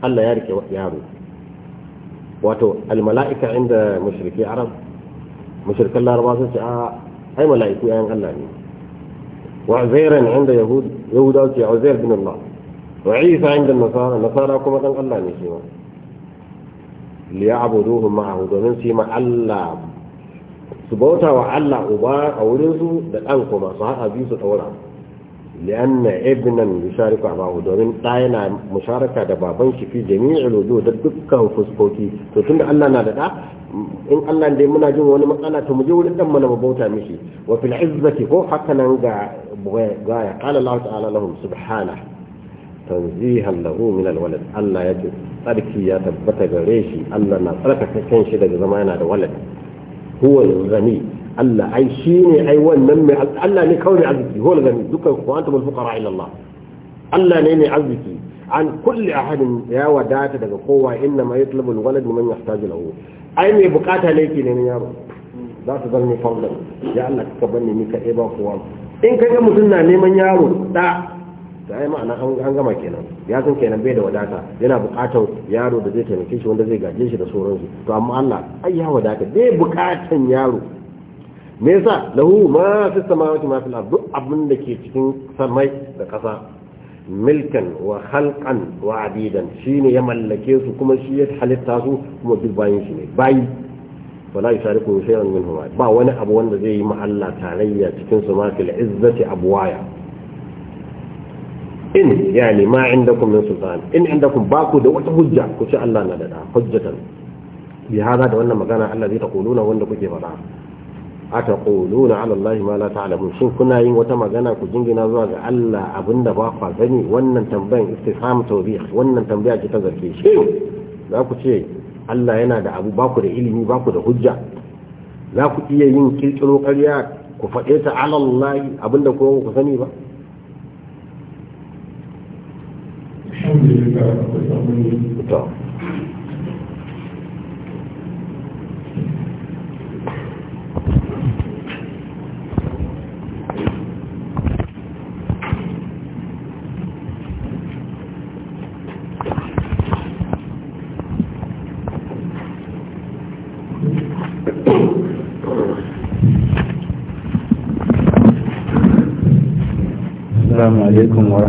Allah ya rike yaro wato almala'ika inda mushriki arab mushrikan laraba sun ce a ai mala'iku yayin Allah ne wa uzairan inda yahud yahuda ce uzair bin Allah wa isa inda nasara nasara kuma dan Allah ne shi ma liya'buduhu ma'ahu domin su yi ma Allah su bauta wa Allah uba a wurin su da dan kuma su haɗa biyu su ɗaura lianna ibnan yushariku abahu domin da yana musharaka da baban shi fi jami'il wudu da dukkan fuskoki to tunda Allah na da da in Allah dai muna jin wani matsala to mu je wurin dan mana mu bauta mishi wa fil izzati ko haka nan ga gaya qala Allah ta'ala lahum subhana tanzihan lahu min walad Allah yake tsarki ya tabbata gare shi Allah na tsarkake shi daga zama yana da walad huwa al Allah ai shi ne ai wannan mai Allah ne kawai arziki huwa al dukkan ku antum al-fuqara ila Allah Allah ne mai arziki an kulli ahadin ya wadata daga kowa inna ma yatlabu walad man yahtaju lahu ai mai bukata ne yake neman yaro za su ni faulan ya Allah ka banni ni ka ɗaya ba kowa in ka ga mutum na neman yaro da da ai ma'ana an gama kenan ya san kenan bai da wadata yana buƙatar yaro da zai taimake shi wanda zai gaje shi da sauransu to amma Allah ai ya wadata bai buƙatan yaro me yasa lahu ma fi samawati ma fil ardi abin da ke cikin samai da kasa milkan wa khalqan wa abidan shine ya mallake su kuma shi ya halitta su kuma duk bayin shi ne bayi wala yusariku shay'an minhum ba wani abu wanda zai yi Allah tarayya cikin su ma fil izzati abwaya in yani ma indakum min sultan in indakum baku da wata hujja ku ce Allah na da hujjatan bi hada da wannan magana Allah zai ta kuluna wanda kuke faɗa ataquluna ala allahi ma la ta'lamun shin kuna yin wata magana ku jingina zuwa ga Allah abinda ba ku sani wannan tambayan istifham tawbih wannan tambaya ce ta zarfe shi za ku ce Allah yana da abu ba ku da ilimi ba ku da hujja za ku iya yin kirkiro ƙarya ku faɗe ta ala allahi abinda ku ku sani ba alhamdulillah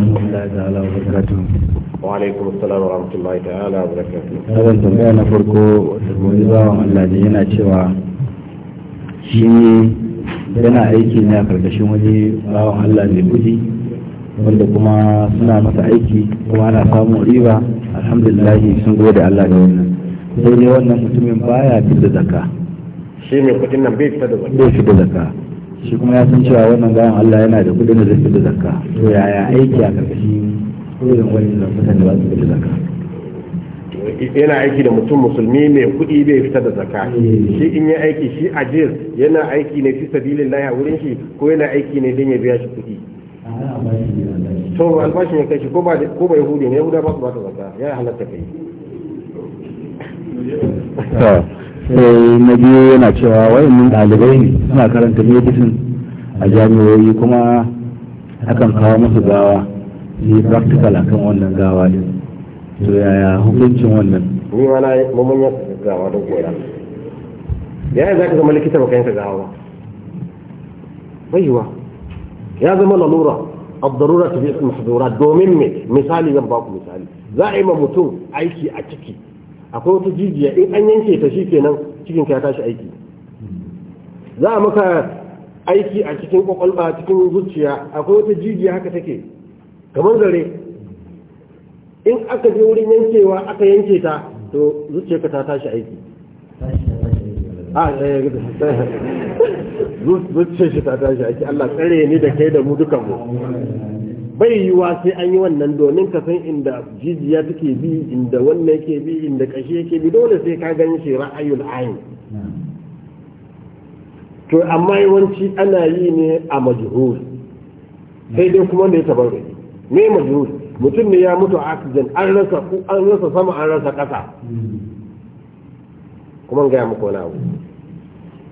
ورحمة الله تعالى وبركاته وعليكم السلام ورحمة الله تعالى وبركاته هذا التنبيه نفرقه وتبويضه الذي هنا شوى شيء yana aiki ne a karkashin wani bawan Allah mai kudi wanda kuma suna masa aiki kuma ana samun riba alhamdulillahi sun gode Allah da wannan sai ne wannan mutumin baya da zaka shi mai kudin nan bai fita da zaka zaka shi kuma ya san cewa wannan bawan Allah yana da kudin da zai da zakka to yaya aiki a karkashin irin wani zakka da ba su da zakka yana aiki da mutum musulmi mai kuɗi bai fita da zakka eh. shi in yi aiki shi ajiz yana aiki ne fi sabilillahi a wurin shi ko yana aiki ne don ya biya shi kuɗi to albashin ya kai shi ko ba ko ba yahudi ne yahuda ba su ba ta zakka ya halatta kai sai na biyu yana cewa wayannan dalibai ne suna karanta medicine a jami'o'i kuma akan kawo musu gawa yi practical akan wannan gawa din to yaya hukuncin wannan ni ma na mun yi gawa don koya ya za ka zama likita baka yanka gawa ba baiwa ya zama lalura abdarura ta biyu mahdura domin me misali zan baku misali za a yi ma mutum aiki a ciki akwai wata jijiya in an yanke ta shi kenan cikin ka ya tashi aiki za a maka aiki a cikin kwakwalba cikin zuciya akwai wata jijiya haka take kamar zare in aka je wurin yankewa aka yanke ta to zuciyarka ta tashi aiki a ah, eh, <laughs> zuciyar shi ta tashi aiki Allah tsare ni da kai da mu dukan mu bai yiwuwa sai an yi wannan domin ka san inda jijiya take bi inda wannan yake bi inda kashi yake bi dole sai ka gani shi ra'ayul ayin to amma yawanci ana yi ne a majhul sai dai kuma da ya tabar me majhul mutum ne ya mutu oxygen an rasa an rasa sama an rasa kasa kuma ga muku wani abu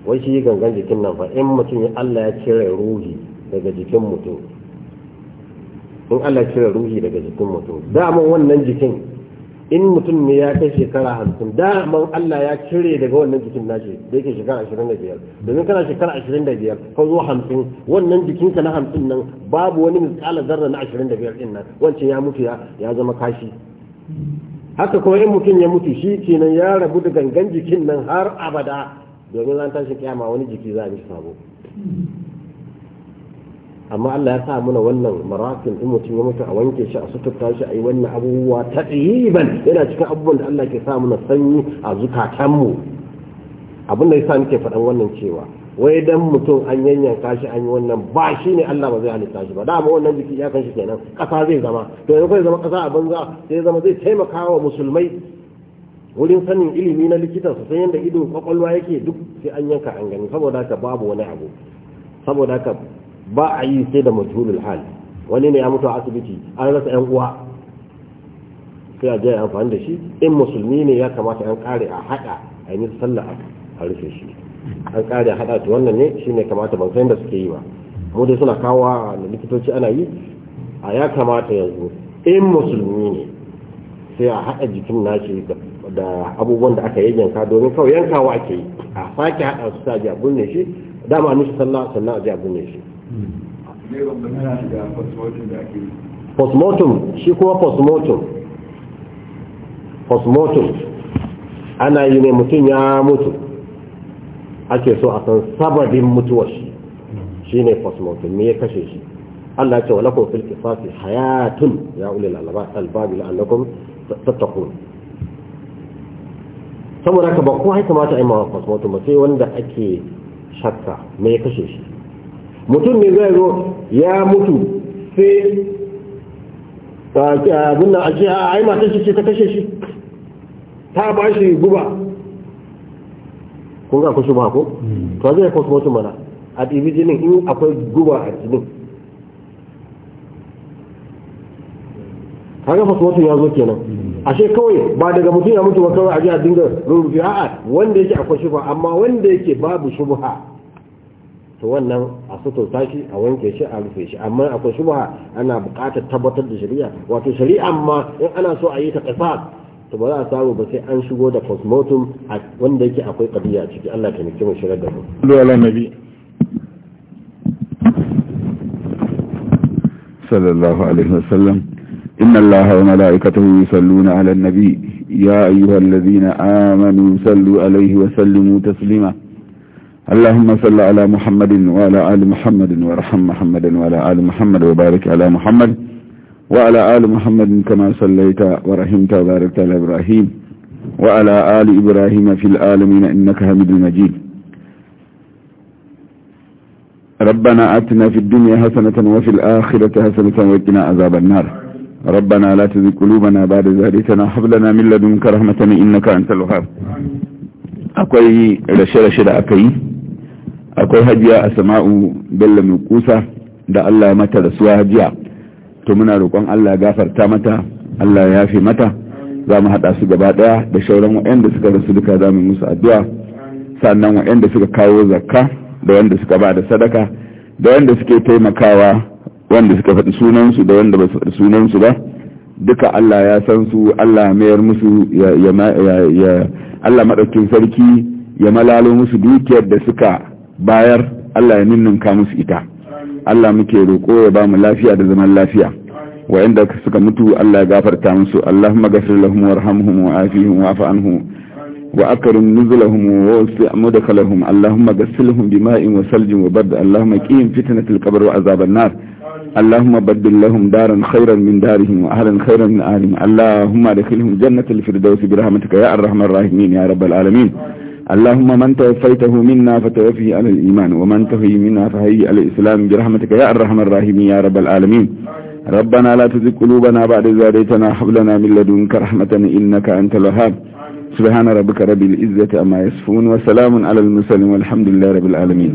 wai shi gangan jikin nan fa in mutum ya Allah ya cire ruhi daga jikin mutum in Allah cire ruhi daga jikin mutum daman wannan jikin in mutum ne ya kai shekara hamsin daman Allah ya cire daga wannan jikin nashi da yake shekara ashirin da biyar domin kana shekara ashirin da biyar ka zo hamsin wannan jikinka na hamsin nan babu wani misalar zarra na ashirin da biyar ɗin nan wancan ya mutu ya zama kashi haka kuma in mutum ya mutu shi kenan ya rabu da gangan jikin nan har abada domin zan tashi kyama wani jiki za a mishi sabo amma Allah ya sa muna wannan marakin in mutum ya mutu a wanke shi a suturta shi a yi wannan abubuwa ta ɗiban yana cikin abubuwan da Allah ke sa muna sanyi a zukatanmu abin da ya sa nake faɗan wannan cewa wai dan mutum an yanyanka shi an yi wannan ba shi ne Allah ba zai halitta shi ba dama wannan jiki ya kan shi kenan ƙasa zai zama to yanzu zai zama ƙasa a banza sai zama zai taimaka wa musulmai wurin sanin ilimi na likitan su san yadda ido kwakwalwa yake duk sai an yanka an gani saboda ka babu wani abu saboda ka. ba a yi sai da majhulul hal wani ne ya mutu a asibiti an rasa yan uwa sai a je amfani da shi in musulmi ne ya kamata an kare a hada a yi sallah a rufe shi an kare a hada to wannan ne shine kamata ban san da suke yi ba mu dai suna kawo a likitoci ana yi a ya kamata yanzu in musulmi ne sai a haɗa jikin nashi da abubuwan da aka yanka domin kawai yankawa ake yi a sake haɗa su sa ji abin ne shi dama nufi sallah sannan a ji a ne shi postmortem shi kuma postmortem postmortem ana yi ne mutum ya mutu ake so a san sababin mutuwar shi shi ne postmortem me ya kashe shi Allah ce wa walakun fil kisasi hayatun ya lalaba albabi la'allakum tattaqun saboda ka ba ko haika mata ai ma postmortem sai wanda ake shakka me ya kashe shi mutum ne zai zo ya mutu sai abin nan a ce a yi matashi ce ta kashe shi ta ba shi guba kun ga ku ko hmm. to zai kwasu mutum mana a ɗibi jinin in akwai guba a jinin kaga kwasu mutum ya zo kenan hmm. ashe kawai ba daga mutum ya mutu ba kawai a ji a dinga rurrufe a'a wanda yake akwai shubha amma wanda yake babu shubha to wannan a suturta shi a wanke shi a rufe shi amma akwai shubha ana buƙatar tabbatar da shari'a wato shari'a ma in ana so a yi ta kafa to ba za a samu ba sai an shigo da postmortem wanda yake akwai ƙabiya ciki Allah ta nake mu shirar da mu sallallahu alaihi wasallam إن الله وملائكته يصلون على النبي يا أيها الذين آمنوا صلوا عليه وسلموا تسليما اللهم صل على محمد وعلى آل محمد وارحم محمد وعلى آل محمد وبارك على محمد وعلى آل محمد كما صليت ورحمت وباركت على إبراهيم وعلى آل إبراهيم في العالمين إنك حميد مجيد ربنا آتنا في الدنيا حسنة وفي الآخرة حسنة وقنا عذاب النار ربنا لا تزغ قلوبنا بعد إذ هديتنا وهب لنا من لدنك رحمة إنك أنت الوهاب akwai rashe-rashe da akwai hajiya a sama'u bello mai kusa da allah ya mata rasuwa hajiya to muna roƙon allah ya gafarta mata allah ya yafe mata za mu haɗa su gaba ɗaya da shauran waɗanda suka rasu duka za mu musu addu'a sannan waɗanda suka kawo zakka da wanda suka ba da sadaka da wanda suke taimakawa wanda suka faɗi sunansu da wanda ba su faɗi sunansu ba duka Allah ya san su Allah mayar musu ya Allah maɗaukin sarki ya malalo musu dukiyar da suka bayar Allah ya ninninka musu ita Allah muke roƙo ya ba mu lafiya da zaman lafiya wa'inda suka mutu Allah ya gafarta musu Allahumma ghafir lahum warhamhum wa'afihim wa'fu anhum وأكرم نزلهم ووسع مدخلهم اللهم غسلهم بماء وثلج وبرد اللهم قيم فتنة القبر وعذاب النار اللهم بدل لهم دارا خيرا من دارهم وأهلا خيرا من أهلهم اللهم ادخلهم جنة الفردوس برحمتك يا الرحمن الراحمين يا رب العالمين اللهم من توفيته منا فتوفي على الإيمان ومن تهي منا فهي على الإسلام برحمتك يا أرحم الراحمين يا رب العالمين ربنا لا تزغ قلوبنا بعد إذ هديتنا وهب لنا من لدنك رحمة إنك أنت الوهاب سبحان ربك رب العزة عما يصفون وسلام على المرسلين والحمد لله رب العالمين